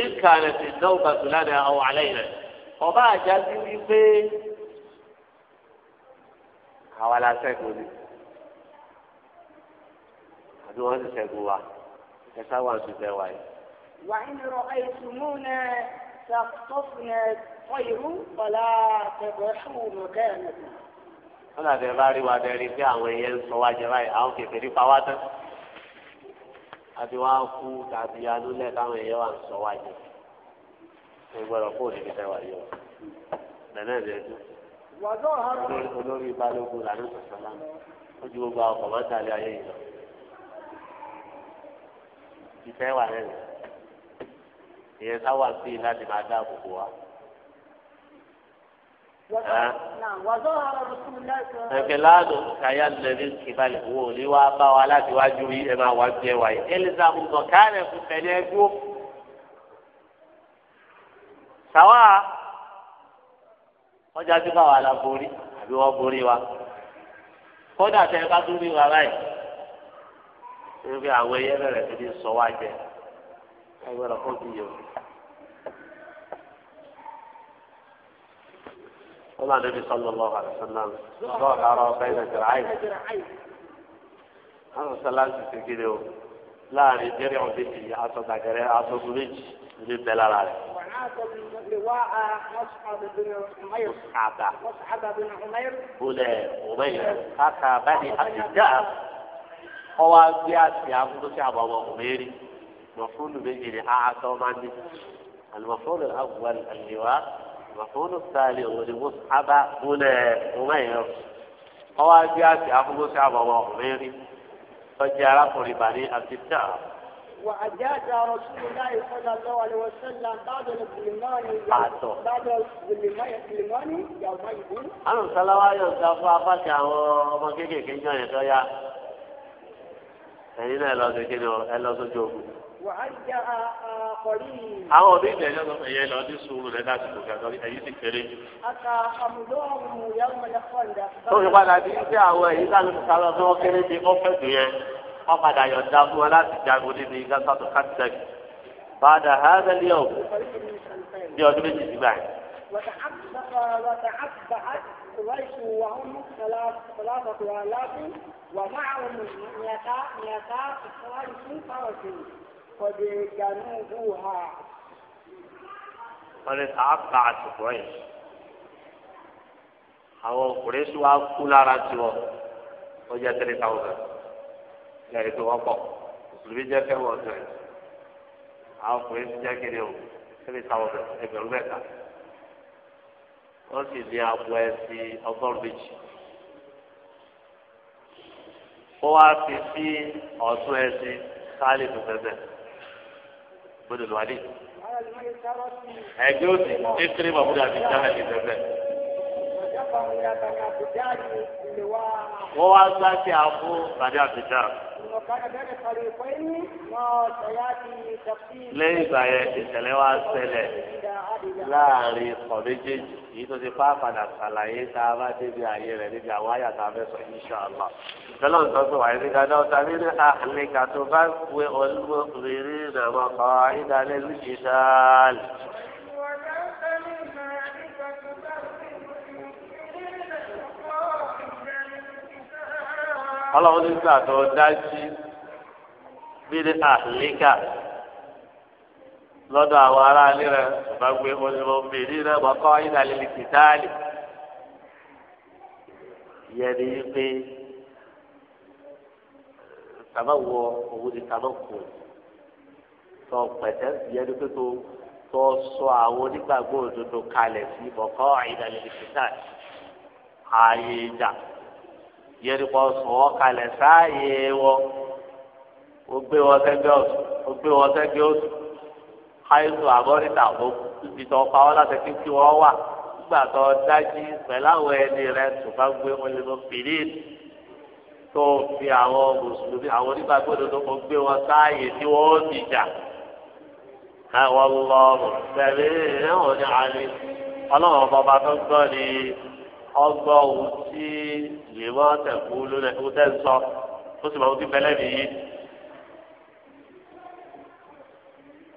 ìkànnì ti náwó bàtúlá ni àwọn àlẹ́ yìí rẹ̀ ọba àjá sí wípé àwa la ṣẹ́gun ni àbí wọ́n ti ṣẹ́gun wa ẹ sáwà ń ṣiṣẹ́ wa yìí. wà á ní rọ àìsùnmù náà ṣàkóso ọ̀yẹ̀wò pọ̀lá tẹ̀gbẹ́ fún wọ́n àti bá rí wa bẹ́ẹ̀ rí pé àwọn ẹ̀yẹ ń sọ wá jẹ báyìí àwọn kẹfẹ́ rí wá tán àti wọ́n á kú tàbí alúlẹ̀ káwọn ẹ̀yẹ wà ń sọ wá jẹ. ẹ gbọ́dọ̀ kó o ní fi fẹ́ wá yọ bẹ́ẹ̀ náà olórí balógun lànà sọ̀sọ̀lá ó ju gbogbo àwọn ọ̀pọ̀ mọ́tà lé ayé yìí lọ. ìfẹ́ wà lẹ́nu ìyẹn sáwà sí i láti máa dáàbò bò wá. Ẹ̀fẹ̀ láàdùn kàyà lẹ́rí kìbalẹ̀ wo ni wá bá wa láti wájú yìí ẹ máa wá jẹ wáyé. Elisa Mùsọ̀ káàrẹ̀ fún fẹ̀lẹ́ ẹgbó. Sàwá wọ́n já sí báwa la borí àbí wọ́n borí wa kódà tẹ ẹ bá tún rí wa báyìí ebi àwọn ẹyẹ bẹ̀rẹ̀ fi ní sọ wá jẹ ẹgbẹ́ rẹ kó ti yẹ o. قال النبي صلى الله عليه وسلم ظهر بين ذراعين àwọn sọláńtì ti kéde o láàrin jẹrìí ọdún yìí aṣọ àgẹrẹ aṣọ gúnlẹjì ní bẹlẹ rẹ. مصعب بن لواء مصعب بن عمير مصعب مصعب بن عمير بن عمير أخا بني عبد الجعف هو بيات يا أبو مصعب أبو عمير مفعول به لأعطى معني المفعول الأول اللواء المفعول الثاني هو لمصعب بن عمير هو بيات يا أبو مصعب أبو عمير فجاء بني عبد الجعف وأجاد رسول الله صلى الله عليه وسلم بعد الظلمان بعد الظلمان يومئذ أنا صلى الله عليه وسلم فأفاك ما كيكي كي جاني تويا ẹ̀yin náà ẹ lọ sí kíni ọ ẹ lọ sójú ogun. àwọn òbí ìgbà ẹjọ́ sọ ẹ̀yẹ lọ sí sùúrù rẹ láti kò kàtọ́ ẹ̀yìn sì kéré jù. tó fi padà bí sí àwọn ẹ̀yìn sáà ló ti sá lọ sí wọn kéré jù ó fẹ́ yẹn ọ̀padà yọ̀ǹda fún wa láti jagun níbi gásàtò kàtẹ́k bàdà hàdàlíyà ò bí ọdún méjì sígbà yìí. قريش وهم ثلاثة آلاف ومعهم مئتا مئتا فارس فرس قد جنوبوها قد تعقعت قريش àwọn kùrẹ́sì wa kú lára tiwọn ó jẹ́ tẹ́lẹ̀ táwọn kan lẹ́yìn tó wọ́pọ̀ mùsùlùmí jẹ́ fẹ́ wọ́n tó ẹ̀ àwọn ọkùnrin ti jẹ́ kéde o ẹbí táwọn ẹgbẹ̀rún mẹ́ta wọ́n sì ní abo ẹsìn ọgọ́rùn méjì wọ́n wá fi sí ọ̀tún ẹsìn sáálì tó fẹ́fẹ́ gbọ́dọ̀ lọ́wọ́dì ẹgbẹ́ òsì ẹkẹrẹ bàbúrò àti jáhà ní fẹ́fẹ́ wọ́n wá gbá sí àbú bàdé àbújá. lẹ́yìn ìgbà yẹn ìṣẹ̀lẹ̀ wá ṣẹlẹ̀ láàrin ọ̀ méjèèjì èyí tó ti pàápàdà ṣàlàyé tá a bá débi ààyè rẹ̀ níbi àwọn àyà tá a fẹ́ sọ yìí ṣàlá. Bẹ́lọ̀ ń tọ́jú wáyé ní dáadáa ọ̀tá nínú àlẹ́ kàtó bá wé olúwo rírì nàmọ́kọ́ ìdálẹ́lú ìdáàlì. ọlọ́run nígbà tó dájú bíi àlíkà lọ́dọ̀ àwọn aráalé rẹ̀ bá gbé olùmọ̀mìnì rẹ̀ bọ́kọ́ ìdálẹ́lì kìtáàlì yẹni pé tàbá wọ owó ni tàbá kù tọ pẹ̀tẹ́ yẹni pé tó tó sọ àwọn onígbàgbọ́ òdodo kalẹ̀ sí bọ́kọ́ ìdálẹ́lì kìtáàlì ààyè ìjà yẹrìkọ sùn wọn kalẹ̀ sáàyè wọn ó gbé wọn sẹ́gbẹ́ ọ̀tún ó gbé wọn sẹ́gbẹ́ ọ̀tún àìsù àbọ̀rìtà ó ibi tó pa ọ́ láti fi kí wọ́n wà nígbà tó dájí pẹ̀láwọ̀ ẹni rẹ tó bá gbé wọn lè lọ pèlè tó fi àwọn mùsùlùmí àwọn onígbàgbọ́dọ̀ tó kọ gbé wọn sáàyè tí wọ́n ti jà àwọn ọlọ́run tẹ̀lé ẹ̀hún ní àlè ọlọ́run bàbá tó gbọ́ ni ọgbọ́ ohun tí lèmọ́ tẹ̀kú lónà ẹ̀kú tẹ̀ ń sọ ó sì máa ń dín bẹ́lẹ́ nìyí.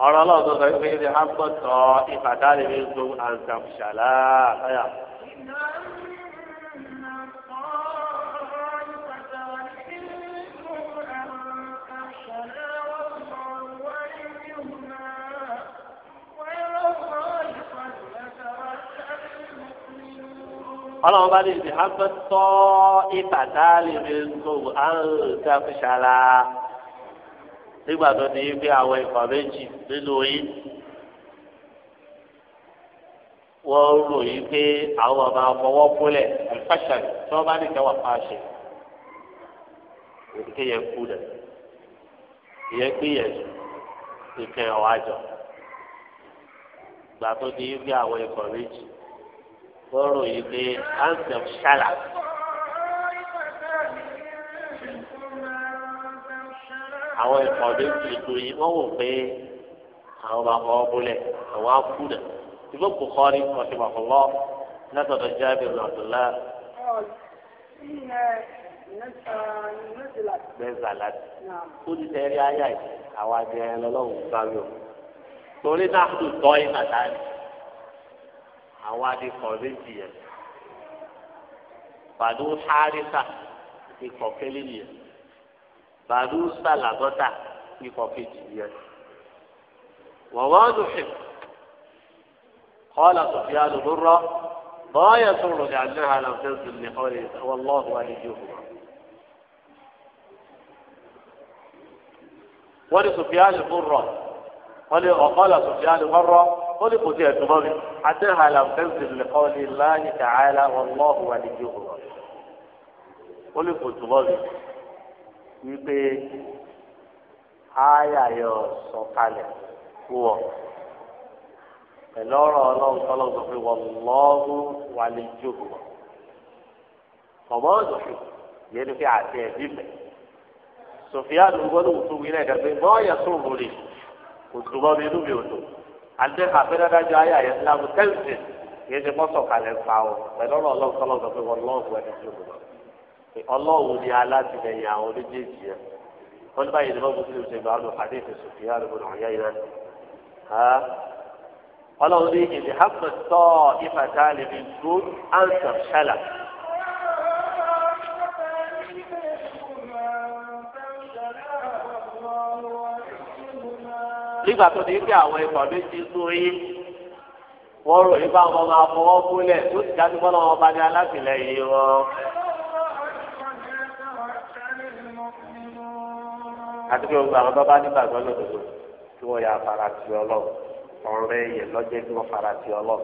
ọ̀rọ̀ ọlọ́run tó sọ pé ilé agbọ́tọ̀ ìfàdánilẹ́gbẹ̀ẹ́ àǹtàkùṣàlá. ọlọ́run bá lè ṣe abẹ́tọ́ ìtàdálẹ̀ rẹ̀ tó àǹkà fìṣàlà nígbà tó ní pé àwọn ìkọ̀ méjì nínú yín wọ́n rò yí pé àwọn ọmọ afọwọ́ kúlẹ̀ ẹ̀fẹ́ṣẹ̀ tí wọ́n bá ní kẹwàá fàṣẹ òkè yẹn kú dẹ̀ ìyẹn pé yẹn ìkẹyọ̀ wájọ gbà tó ní pé àwọn ìkọ̀ méjì wọ́n ròyìn pé anthem ṣára. àwọn ikọ̀ méjì ètò yìí wọ́n wò pé àwọn bá kọ́ bólẹ̀ àwọn akúnà ìbò Bukhari rahimahullah látọ̀dọ̀ Jabir Abdullah. Bẹ́ẹ̀zàlát. Ó ti tẹ̀lé ayá yìí, àwa jẹ́ lọ́lọ́run gbáwé o. Torí náà tó tọ́ ẹ̀ nàdá àwọn adìkọ̀ méjì yẹn bàdú hárítà ikọ̀ kẹ́lí yẹn bàdú sàlàgọ́tà ikọ̀ kejì yẹn wọ́wọ́n dùfẹ́ kọ́lá sọ̀fíà lùdúrọ̀ bọ́ọ̀yà tó rọ̀ ní àná àlàm tó sùn ní ọ̀rẹ́ wọ́lọ́ọ̀hùn àdìjọ́hùn. wọ́n ní sọ̀fíà lùdúrọ̀ wọ́n ní ọ̀kọ́lá sọ̀fíà lùdúrọ̀ ó lè kò sí ẹ̀sùn mọ́ mi adéhà làǹfẹ̀sì lè kọ́ ní láàyè káàlà ọlọ́ọ̀hún wà nídìí òwúrọ̀ ó lè kò sùn mọ́ mi wípé ááyà yọ sọ̀kalẹ̀ wọ̀ pẹ̀lú ọ̀rọ̀ ọlọ́run tọ́lọ́ sọ pé wọ́lọ́ọ̀hún wà nídìí òwúrọ̀ ọ̀mọ́ ọ̀dọ̀fẹ́ yẹn ni pé àti ẹ̀bí mẹ́ sọfíà ló gbọ́dọ̀ wùtú wí náà kàfé bọ́ọ̀yà tó wọlé kò sùn mọ́ mi inú mi ò dùn àti àfẹnádájọ ayé àyẹ ìlànà tẹlifí kì í ṣe mọ́sọ̀kalẹ̀ fa o pẹ̀lú ọ̀rọ̀ ọlọ́run sọlọ́ sọ pé ọlọ́run ẹni tí o lọ ọlọ́run ni alátìlẹyìn àwọn oníjèèjì yẹn wọ́n ní báyìí ni wọ́n mú ṣe gbà lóun hadith sùfìyà ló gbọdọ̀ ọ̀yá yẹn ọlọ́run ní ìdí hàpẹ̀tọ́ ìfàtà lè fi dúró àǹtà ṣálà. nígbà tó ní kí àwọn ikọ̀ méjì sún yín wọ́n rò yín bá wọn máa fọwọ́ gúnlẹ̀ tó sì dájú bọ́lá wọn bá ní alátìlẹyìn wọn. àti pé gbogbo àwọn bábá nígbàgbọ́ lòdòdò tí wọ́n yà fara ti ọlọ́ọ̀ ọ̀rẹ́ yẹn lọ́jẹ́ tí wọ́n fara ti ọlọ́ọ̀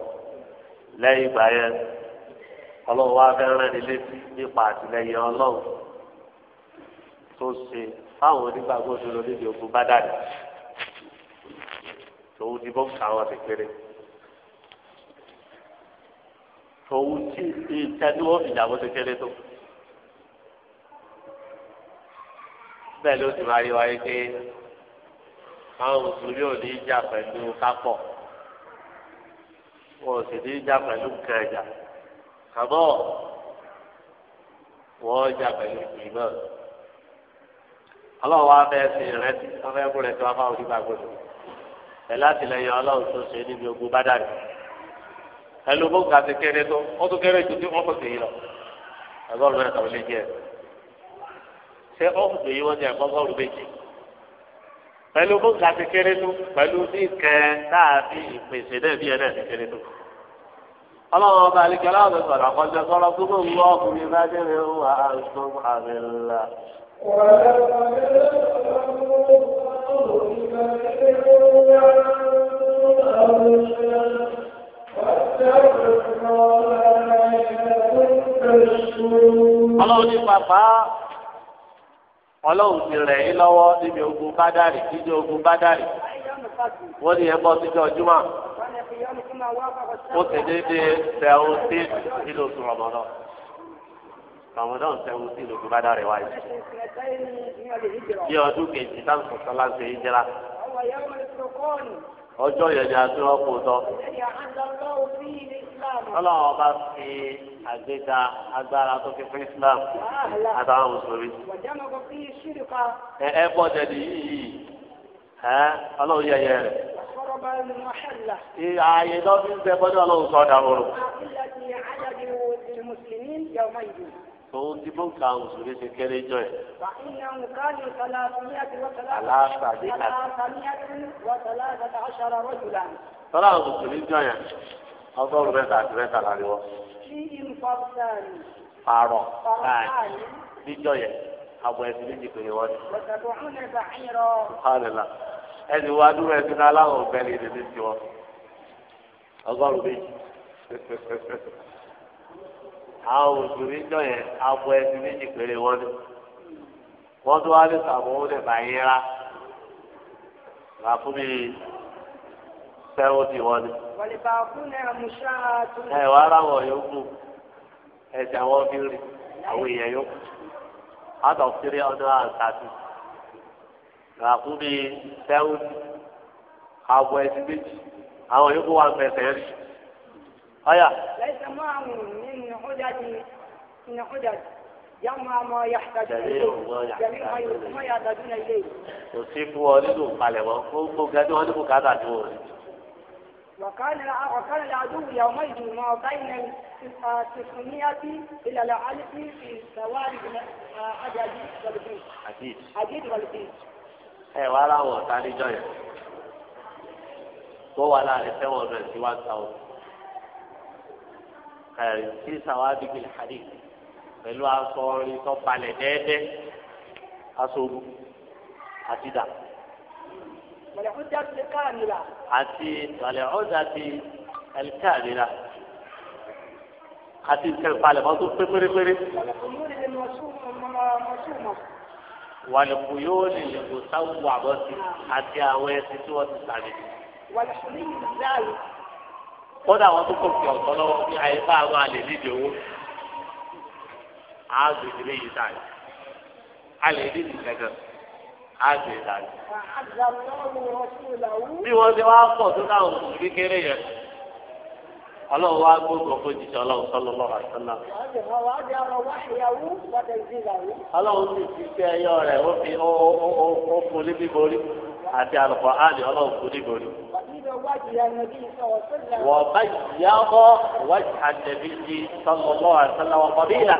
lẹ́yìn ìgbà yẹn ọlọ́run wá fẹ́ràn ní létí nípa àtìlẹyìn ọlọ́run tó ṣe fáwọn onígbàgbọ́ òdodo níbi ogun bá dàdí tòun ti bọ́ àwọn ti péré tòun ti ìtẹ́ni wọ́n fi ìyàwó ti péré tó. bẹ́ẹ̀ ló ti máa rí wáyé pé àwọn mùsùlùmí ò ní í jà pẹ̀lú kápọ̀ wọn ò sì ní í jà pẹ̀lú nǹkan ẹ̀jà àmọ́ wọ́n jà pẹ̀lú ìgbìmọ̀ ọlọ́wọ́ abẹ́ ẹ̀sìn ti ọmọ ẹ̀kú rẹ ti wá fáwọn ẹ láti lẹ́yìn Ọlọ́run tó ṣe níbi ogun bá dàrí ẹlú bó ga ti kéré tó wọn tó kéré ju tí wọn kò sí yìí lọ ẹgbọrún mẹ́ta ò lè jẹ ṣé ọkùnrin yìí wọn jẹ ẹgbọgọrùn méjì pẹ̀lú bó ga ti kéré tó pẹ̀lú bí kẹ táàbí ìpèsè náà bí ẹ náà ti kéré tó ọlọ́run ọba àlejò aláwọ̀ sọ̀rọ̀ àkọ́jọ sọ̀rọ̀ tó kò wú ọkùnrin bá dé rẹ̀ wà á sọ àmì ọlọ́run ní pàpà ọlọ́run ti rẹ̀ yín lọ́wọ́ níbi ogun bádàrí níbi ogun bádàrí wọ́n ní ẹ̀bọ́ síjọ́ júmọ́ ó ti dédé bẹ̀rù sí ìlú òsùn ọ̀mọ́ náà ramadan sẹ́wọ́n sí lóko bá dára wáyé. bí ọdún kejì táwọn sọ̀tọ́ láti ṣe ìjẹ́ra. ọjọ́ yẹn ni a ti rọ́pò tọ́. ọlọ́run ọba fi àgbéga agbára tó fi fún islam àtàwọn mùsùlùmí. ẹ ẹ bọ́ tẹ̀lé yìí ọlọ́run yẹyẹ rẹ̀. ààyè lọ́ọ́ fi ń bẹ bọ́dọ̀ ọlọ́run sọ̀dà ọ̀rọ̀. àtòun ka bóńkà òṣèré ti kéré jọ ẹ. aláàtàdé tọ́lá àwọn òṣèré jọ yẹn ọgọ́rùn-ún mẹ́ta àti mẹ́ta là ní wọ́n. pààrọ̀ káàdì níjọ yẹn àbọ̀ ẹ̀sìn méjì péré wọ́n ni. ọ̀hánilá ẹni wá dúró ẹ̀sìn aláwọ̀ ọ̀gbẹ́ni ìdílé tiwọn ọgọ́rùn-ún méjì. àwọn òṣèré jọ yẹn abo ẹbí méjì péré wọn ni wọn tó wá ní sàmú ó lè bá yín rá rà mi sẹ́wọ́n ti wọn ni. wàlìbà fún náà mo ṣáà ẹ wàá ráwọ̀ yòókù ẹ̀sẹ̀ àwọn fi rìn àwọn èèyàn yòókù out of three hundred and thirty rà fún mi sẹ́wọ́n abo ẹbí méjì àwọn yòókù wà ń rí. أيا ليس معه من حجج من حجج جمع ما يحتاج إليه جميع ما يحتاجون إليه وسيف والد قال وقد والد كذا جور وكان وكان العدو يومئذ ما بين 900 إلى 1000 في سواري عدد والبيت عديد عديد والبيت ẹ wàá láwọn ọ̀tá níjọ yẹn tó wà láàrin sẹ́wọ̀n rẹ̀ sí one thousand sí sàwádìí bíi hadith pẹ̀lú aṣọ orin tó balẹ̀ dẹ́ẹ́dẹ́ aṣọ ogun àti dà. àti wàlẹ̀ ọ̀dà ti ẹ̀lkáàdìlà àti ìtẹ̀palẹ̀ mọ́ tó pé pérépéré. wàlẹ̀ kù yóò lè lè kó sáwù àbọ̀sí àti àwọn ẹsẹ̀ tí wọ́n ti sàmì. wàlẹ̀ kù ní ìlú láàyè. kódà wọn tó kò fi ọ̀tọ̀ lọ́wọ́ ní àyíká àwọn àlè nídìí owó àádùn ìdílé yìí sáré àlè nídìí gẹ́gẹ́ àádùn ìdáré. bí wọ́n ti wá pọ̀ tó dáhùn kù kékeré yẹn ọlọ́run wá gbogbo ọkọ jíjẹ ọlọ́run sọ́lọ́ lọ́wọ́ àtọ́lá. ọlọ́run ti fi ẹyọ rẹ̀ ó fi ó fún àti àlùkò áàdì ọlọ́run kò ní borí. wọ́n bá yà ọ́ wájú àtẹ̀bí ti sọ́kọ̀ọ́ àtẹ̀láwọ̀ kọ́ bí ìlà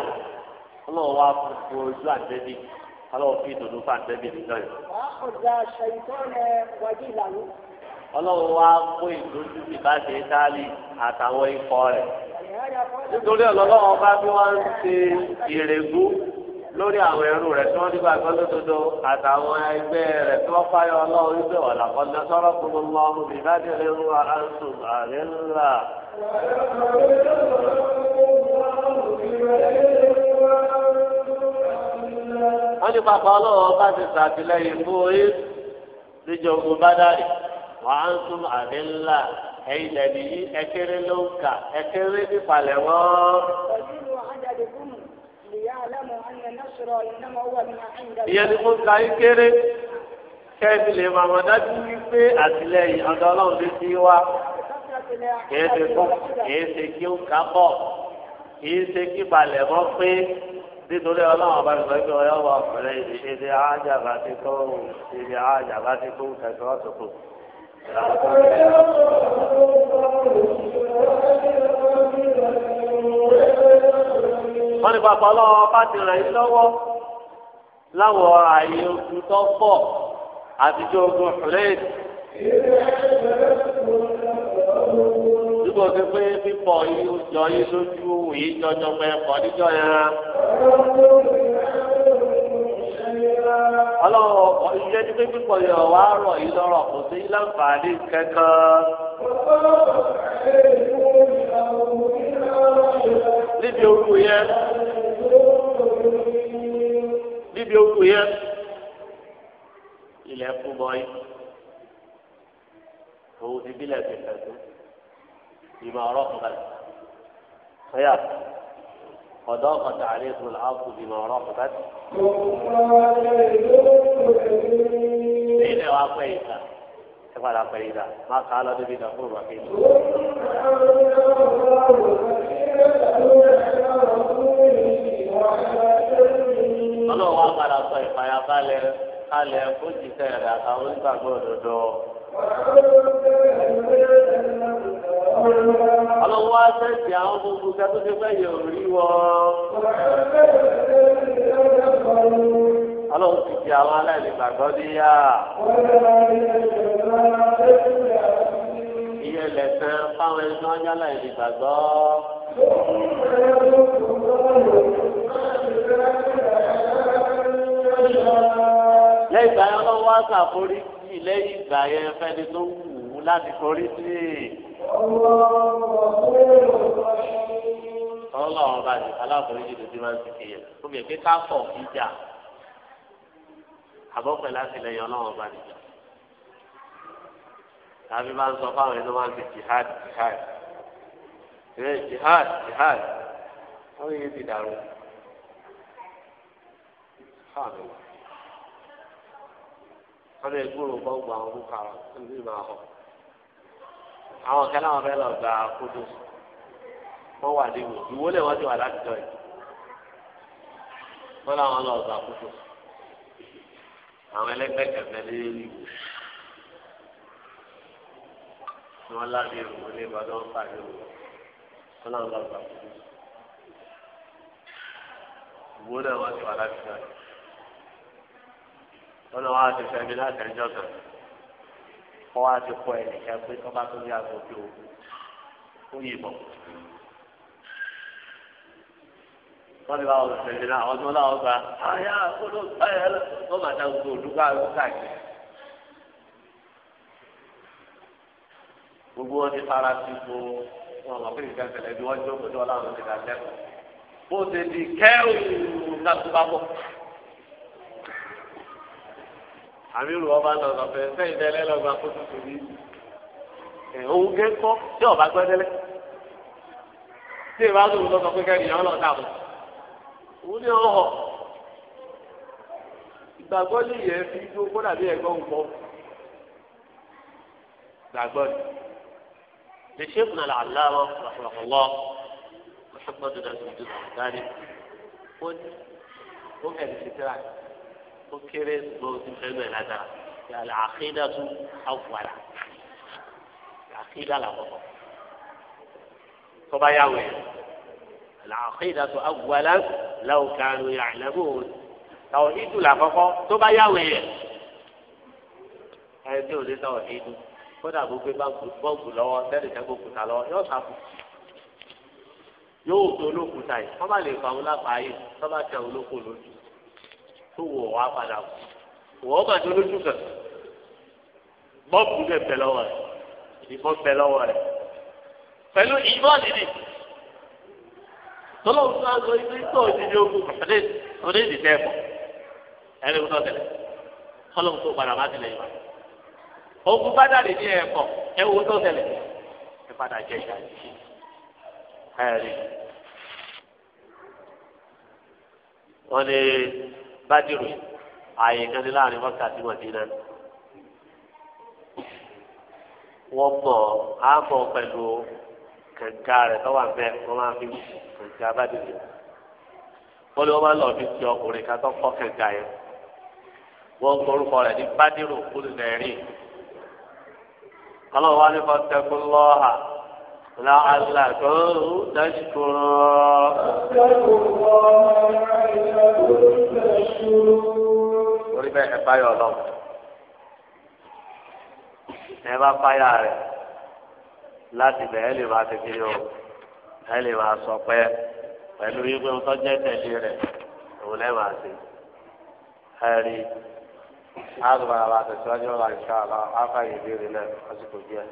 ọlọ́run wá fún ojú àtẹ̀bí ọlọ́run fi ìdùnnú fún àtẹ̀bí nìjọ yìí. ọlọ́run wá kó ìdójú ti bá àtàwọn ikọ̀ rẹ̀ nítorí ọlọ́run bá bí wọ́n ń ṣe ìrègùn. lórí àwọn ẹrú rẹ̀ tí wọ́n ti gbàgbọ́ dodo àtàwọn ẹgbẹ́ rẹ̀ tí wọ́n fáyọ ọlọ́run wípé ọ̀là kọjá sọ́rọ́ gbogbo mọ́ ọmọ mi láti lè rú àǹtù àrẹ ńlá. wọ́n ti pàpà ọlọ́run bá ti sàtìlẹ́yìn fún oyé níjọ ogun bá dárì ń tún àrẹ ńlá yìí ẹkẹrẹ ló ń kà ẹkẹrẹ ìyẹn ni mo ka yín kéré kẹ́ẹ̀sì lè máa mọ̀ dájú wípé àtìlẹ́yìn ọ̀dọ̀ ọlọ́run ló ti wá kìí ṣe fún kìí ṣe kí ó kà bọ̀ kìí ṣe kí balẹ̀ mọ́ pé nítorí ọlọ́run ọba ìgbà pé ọyọ́ wa ọ̀pẹ̀rẹ̀ ìdí ṣe ájà bá ti kó ìdí ájà bá ti kó kẹ̀kẹ́ ọ̀tọ̀kù. Thank you wọ́n ní papọ̀ ọlọ́wọ́ bá ti ràn lọ́wọ́ láwọn ààyè ogun tó pọ̀ àtijọ́ ogun fúlẹ́ẹ̀dì. Nígbà tó pé pípọ̀ yìí jọ yín lójú yìí jọjọ pé ẹ̀kọ́ níjọ́ yẹn. Ọlọ́wọ́ ọkọ̀ iṣẹ́ ní pé pípọ̀ yìí ọ̀wá rọ̀ yìí lọ́rọ̀ kò sí láǹfààní kankan níbi orúkọ yẹn níbi orúkọ yẹn ilẹ̀ fún bọ́yì òun ti bílẹ̀ fi fẹ̀tọ́ ìmọ̀ ọ̀rọ̀ kan balẹ̀ sọ́yà ọ̀dọ́ kan tà àlẹ́ ìṣòro làákù ìmọ̀ ọ̀rọ̀ kan balẹ̀. ilé wa pẹ́ ìta ẹ padà pẹ́ ìta má kà á lọ débi ìdàkúrò bàkẹ́ ìta. ọlọ́wọ́ apàdà sọ ìfàyàbalẹ̀ kalẹ̀ fojìṣẹ́ rẹ̀ àtàwọn onígbàgbọ́ òdodo. ọlọ́wọ́ asẹ́sì àwọn gbogbo kẹ́tọ́ ti fẹ́ yẹ̀ òrí wọn. ọlọ́wọ́ ti di àwọn aláìlẹ́gbàgbọ́ níyà. ìyẹn lẹ̀sẹ̀ fáwọn ẹni tó ń yálà ìlẹ̀gbàgbọ́ lẹ́yìn ìgbà yẹn lọ́wọ́ àṣàforí sí i lẹ́yìn ìgbà yẹn fẹ́ni tó wù ú láti forí sí i. ọlọ́run ọba ní aláforíjì ló ti máa ń sìnkì yẹn fún mi pé ká kọ̀ kí àbọ̀pẹ̀ láti lẹ́yìn ọlọ́run ọba nìjà. tàbí máa ń sọ fáwọn ẹni wọn ti jihad jihad ṣe jihad jihad wọ́n yé ti dàrú ọdún ìgboro kọ́ gba àwọn olùkọ́ àwọn ìlú ìmọ̀ àwọn. àwọn kan náà fẹ́ lọ gba kódó wọ́n wà ní ìwó lè wọ́n ti wà láti jọ yìí wọ́n làwọn lọ gba kódó àwọn ẹlẹ́gbẹ́ kẹfẹ́ lé ìwò wọ́n láti ìwò ní ìbọn tó fà ní wọ́n làwọn lọ gba kódó ìwó lè wọ́n ti wà láti jọ yìí wọn lọ wá ti fẹmi láti ẹjọ́ kan wọn wá ti kọ ẹnìkan pé kọ́ bá tó ní agbókè o yìnbọn wọ́n ti bá wọn sẹ̀lẹ̀ náà àwọn tó láwọn gba àyà kóló àyà wọ́n máa ta gbogbo òdúgbò àwọn káàkiri. gbogbo wọn ti fara sí fo wọn mọ̀ pé ìgbà tẹ̀lé bí wọ́n jókòó tó láwọn ti dà lẹ́kọ̀ọ́ bó ti di kẹ́rù náà tó àmírù ọba lọ lọfẹ sẹ́yìn tẹ́lẹ̀ lọgbà kó tuntun yìí ẹ òun gé kọ tí ọba gbẹdẹlẹ tí ìbá tó lọ sọ pé kẹrin yẹn ọlọta bọ òun ní ọhọ ìgbàgbọ́ ní ìyẹn fi dúró kó dàbí ẹ̀gbọ́n nǹkan gbàgbọ́ ni lè ṣe kùnà làálàá lọ lọ́kọ̀lọ́kọ̀lọ́ ọ̀ṣọ́gbọ́n tó dàbí ìdúró kàdáni ó ní ó kẹ́rin ṣe tẹ́lá yìí ó kéré gbó ìfẹ́gbẹ́ ládàá yàrá àkéèdà tún àwòrán àkéèdà làkọ́kọ́ tọ́ba yàwé àkéèdà tún àwòrán làwòkàrò yàrá-ìlẹ́gbò tàwọn ìdù làkọ́kọ́ tọ́ba yàwé yẹ ẹ bí òde tàwọn ìdù kódà gbogbo bá bọ́ọ̀gù lọ́wọ́ sẹ́ni tẹ́ gbogbo ta lọ́wọ́ yóò sàkó yóò tó olókùúta yìí wọ́n lè fa olóko ayé wọ́n tẹ olóko lójú tó wò wá padà wò ó màdó lójú kan bọ́ọ̀bù lè bẹ̀ lọ́wọ́ rẹ̀ ìbọn bẹ̀ lọ́wọ́ rẹ̀ pẹ̀lú ìbọn nìyí tọ́lọ́wọ́ tó àgọ́ ibi tó ìdíje ogun ọ̀dẹ́ ọ̀dẹ́ ìdíje ẹ̀kọ́ ẹ̀rí wọn tẹ̀lé tọ́lọ́wọ́ tó padà má tẹ̀lé yìí ogun bá dàdé ní ẹ̀kọ́ ẹ̀wọ́ tó tẹ̀lé padà jẹ́ ìyá yìí ẹ̀rí wọ́n ní. bádìrú ààyè kan ní láàrin wákàtí mọ̀dínà wọ́n mọ̀ á pẹ̀lú kànga rẹ̀ wọ́n máa fi kànga bádìrú wọ́n ní wọ́n máa lọ fi ti ọkùnrin ká tó kọ́ kànga yẹn wọ́n ń rẹ̀ ní kúlù nàìjíríà wá ní لعلكم تشكرون orí bẹ́ẹ̀ ẹ báyọ̀ lọ ẹ bá báyà rẹ̀ láti bẹ̀ ẹ lè máa tẹ̀lé o ẹ pẹ̀lú wípé tọ́jẹ́ tẹ̀lé rẹ̀ òun tẹ̀síwájú ọ̀la ìbéèrè náà lásìkò díẹ̀.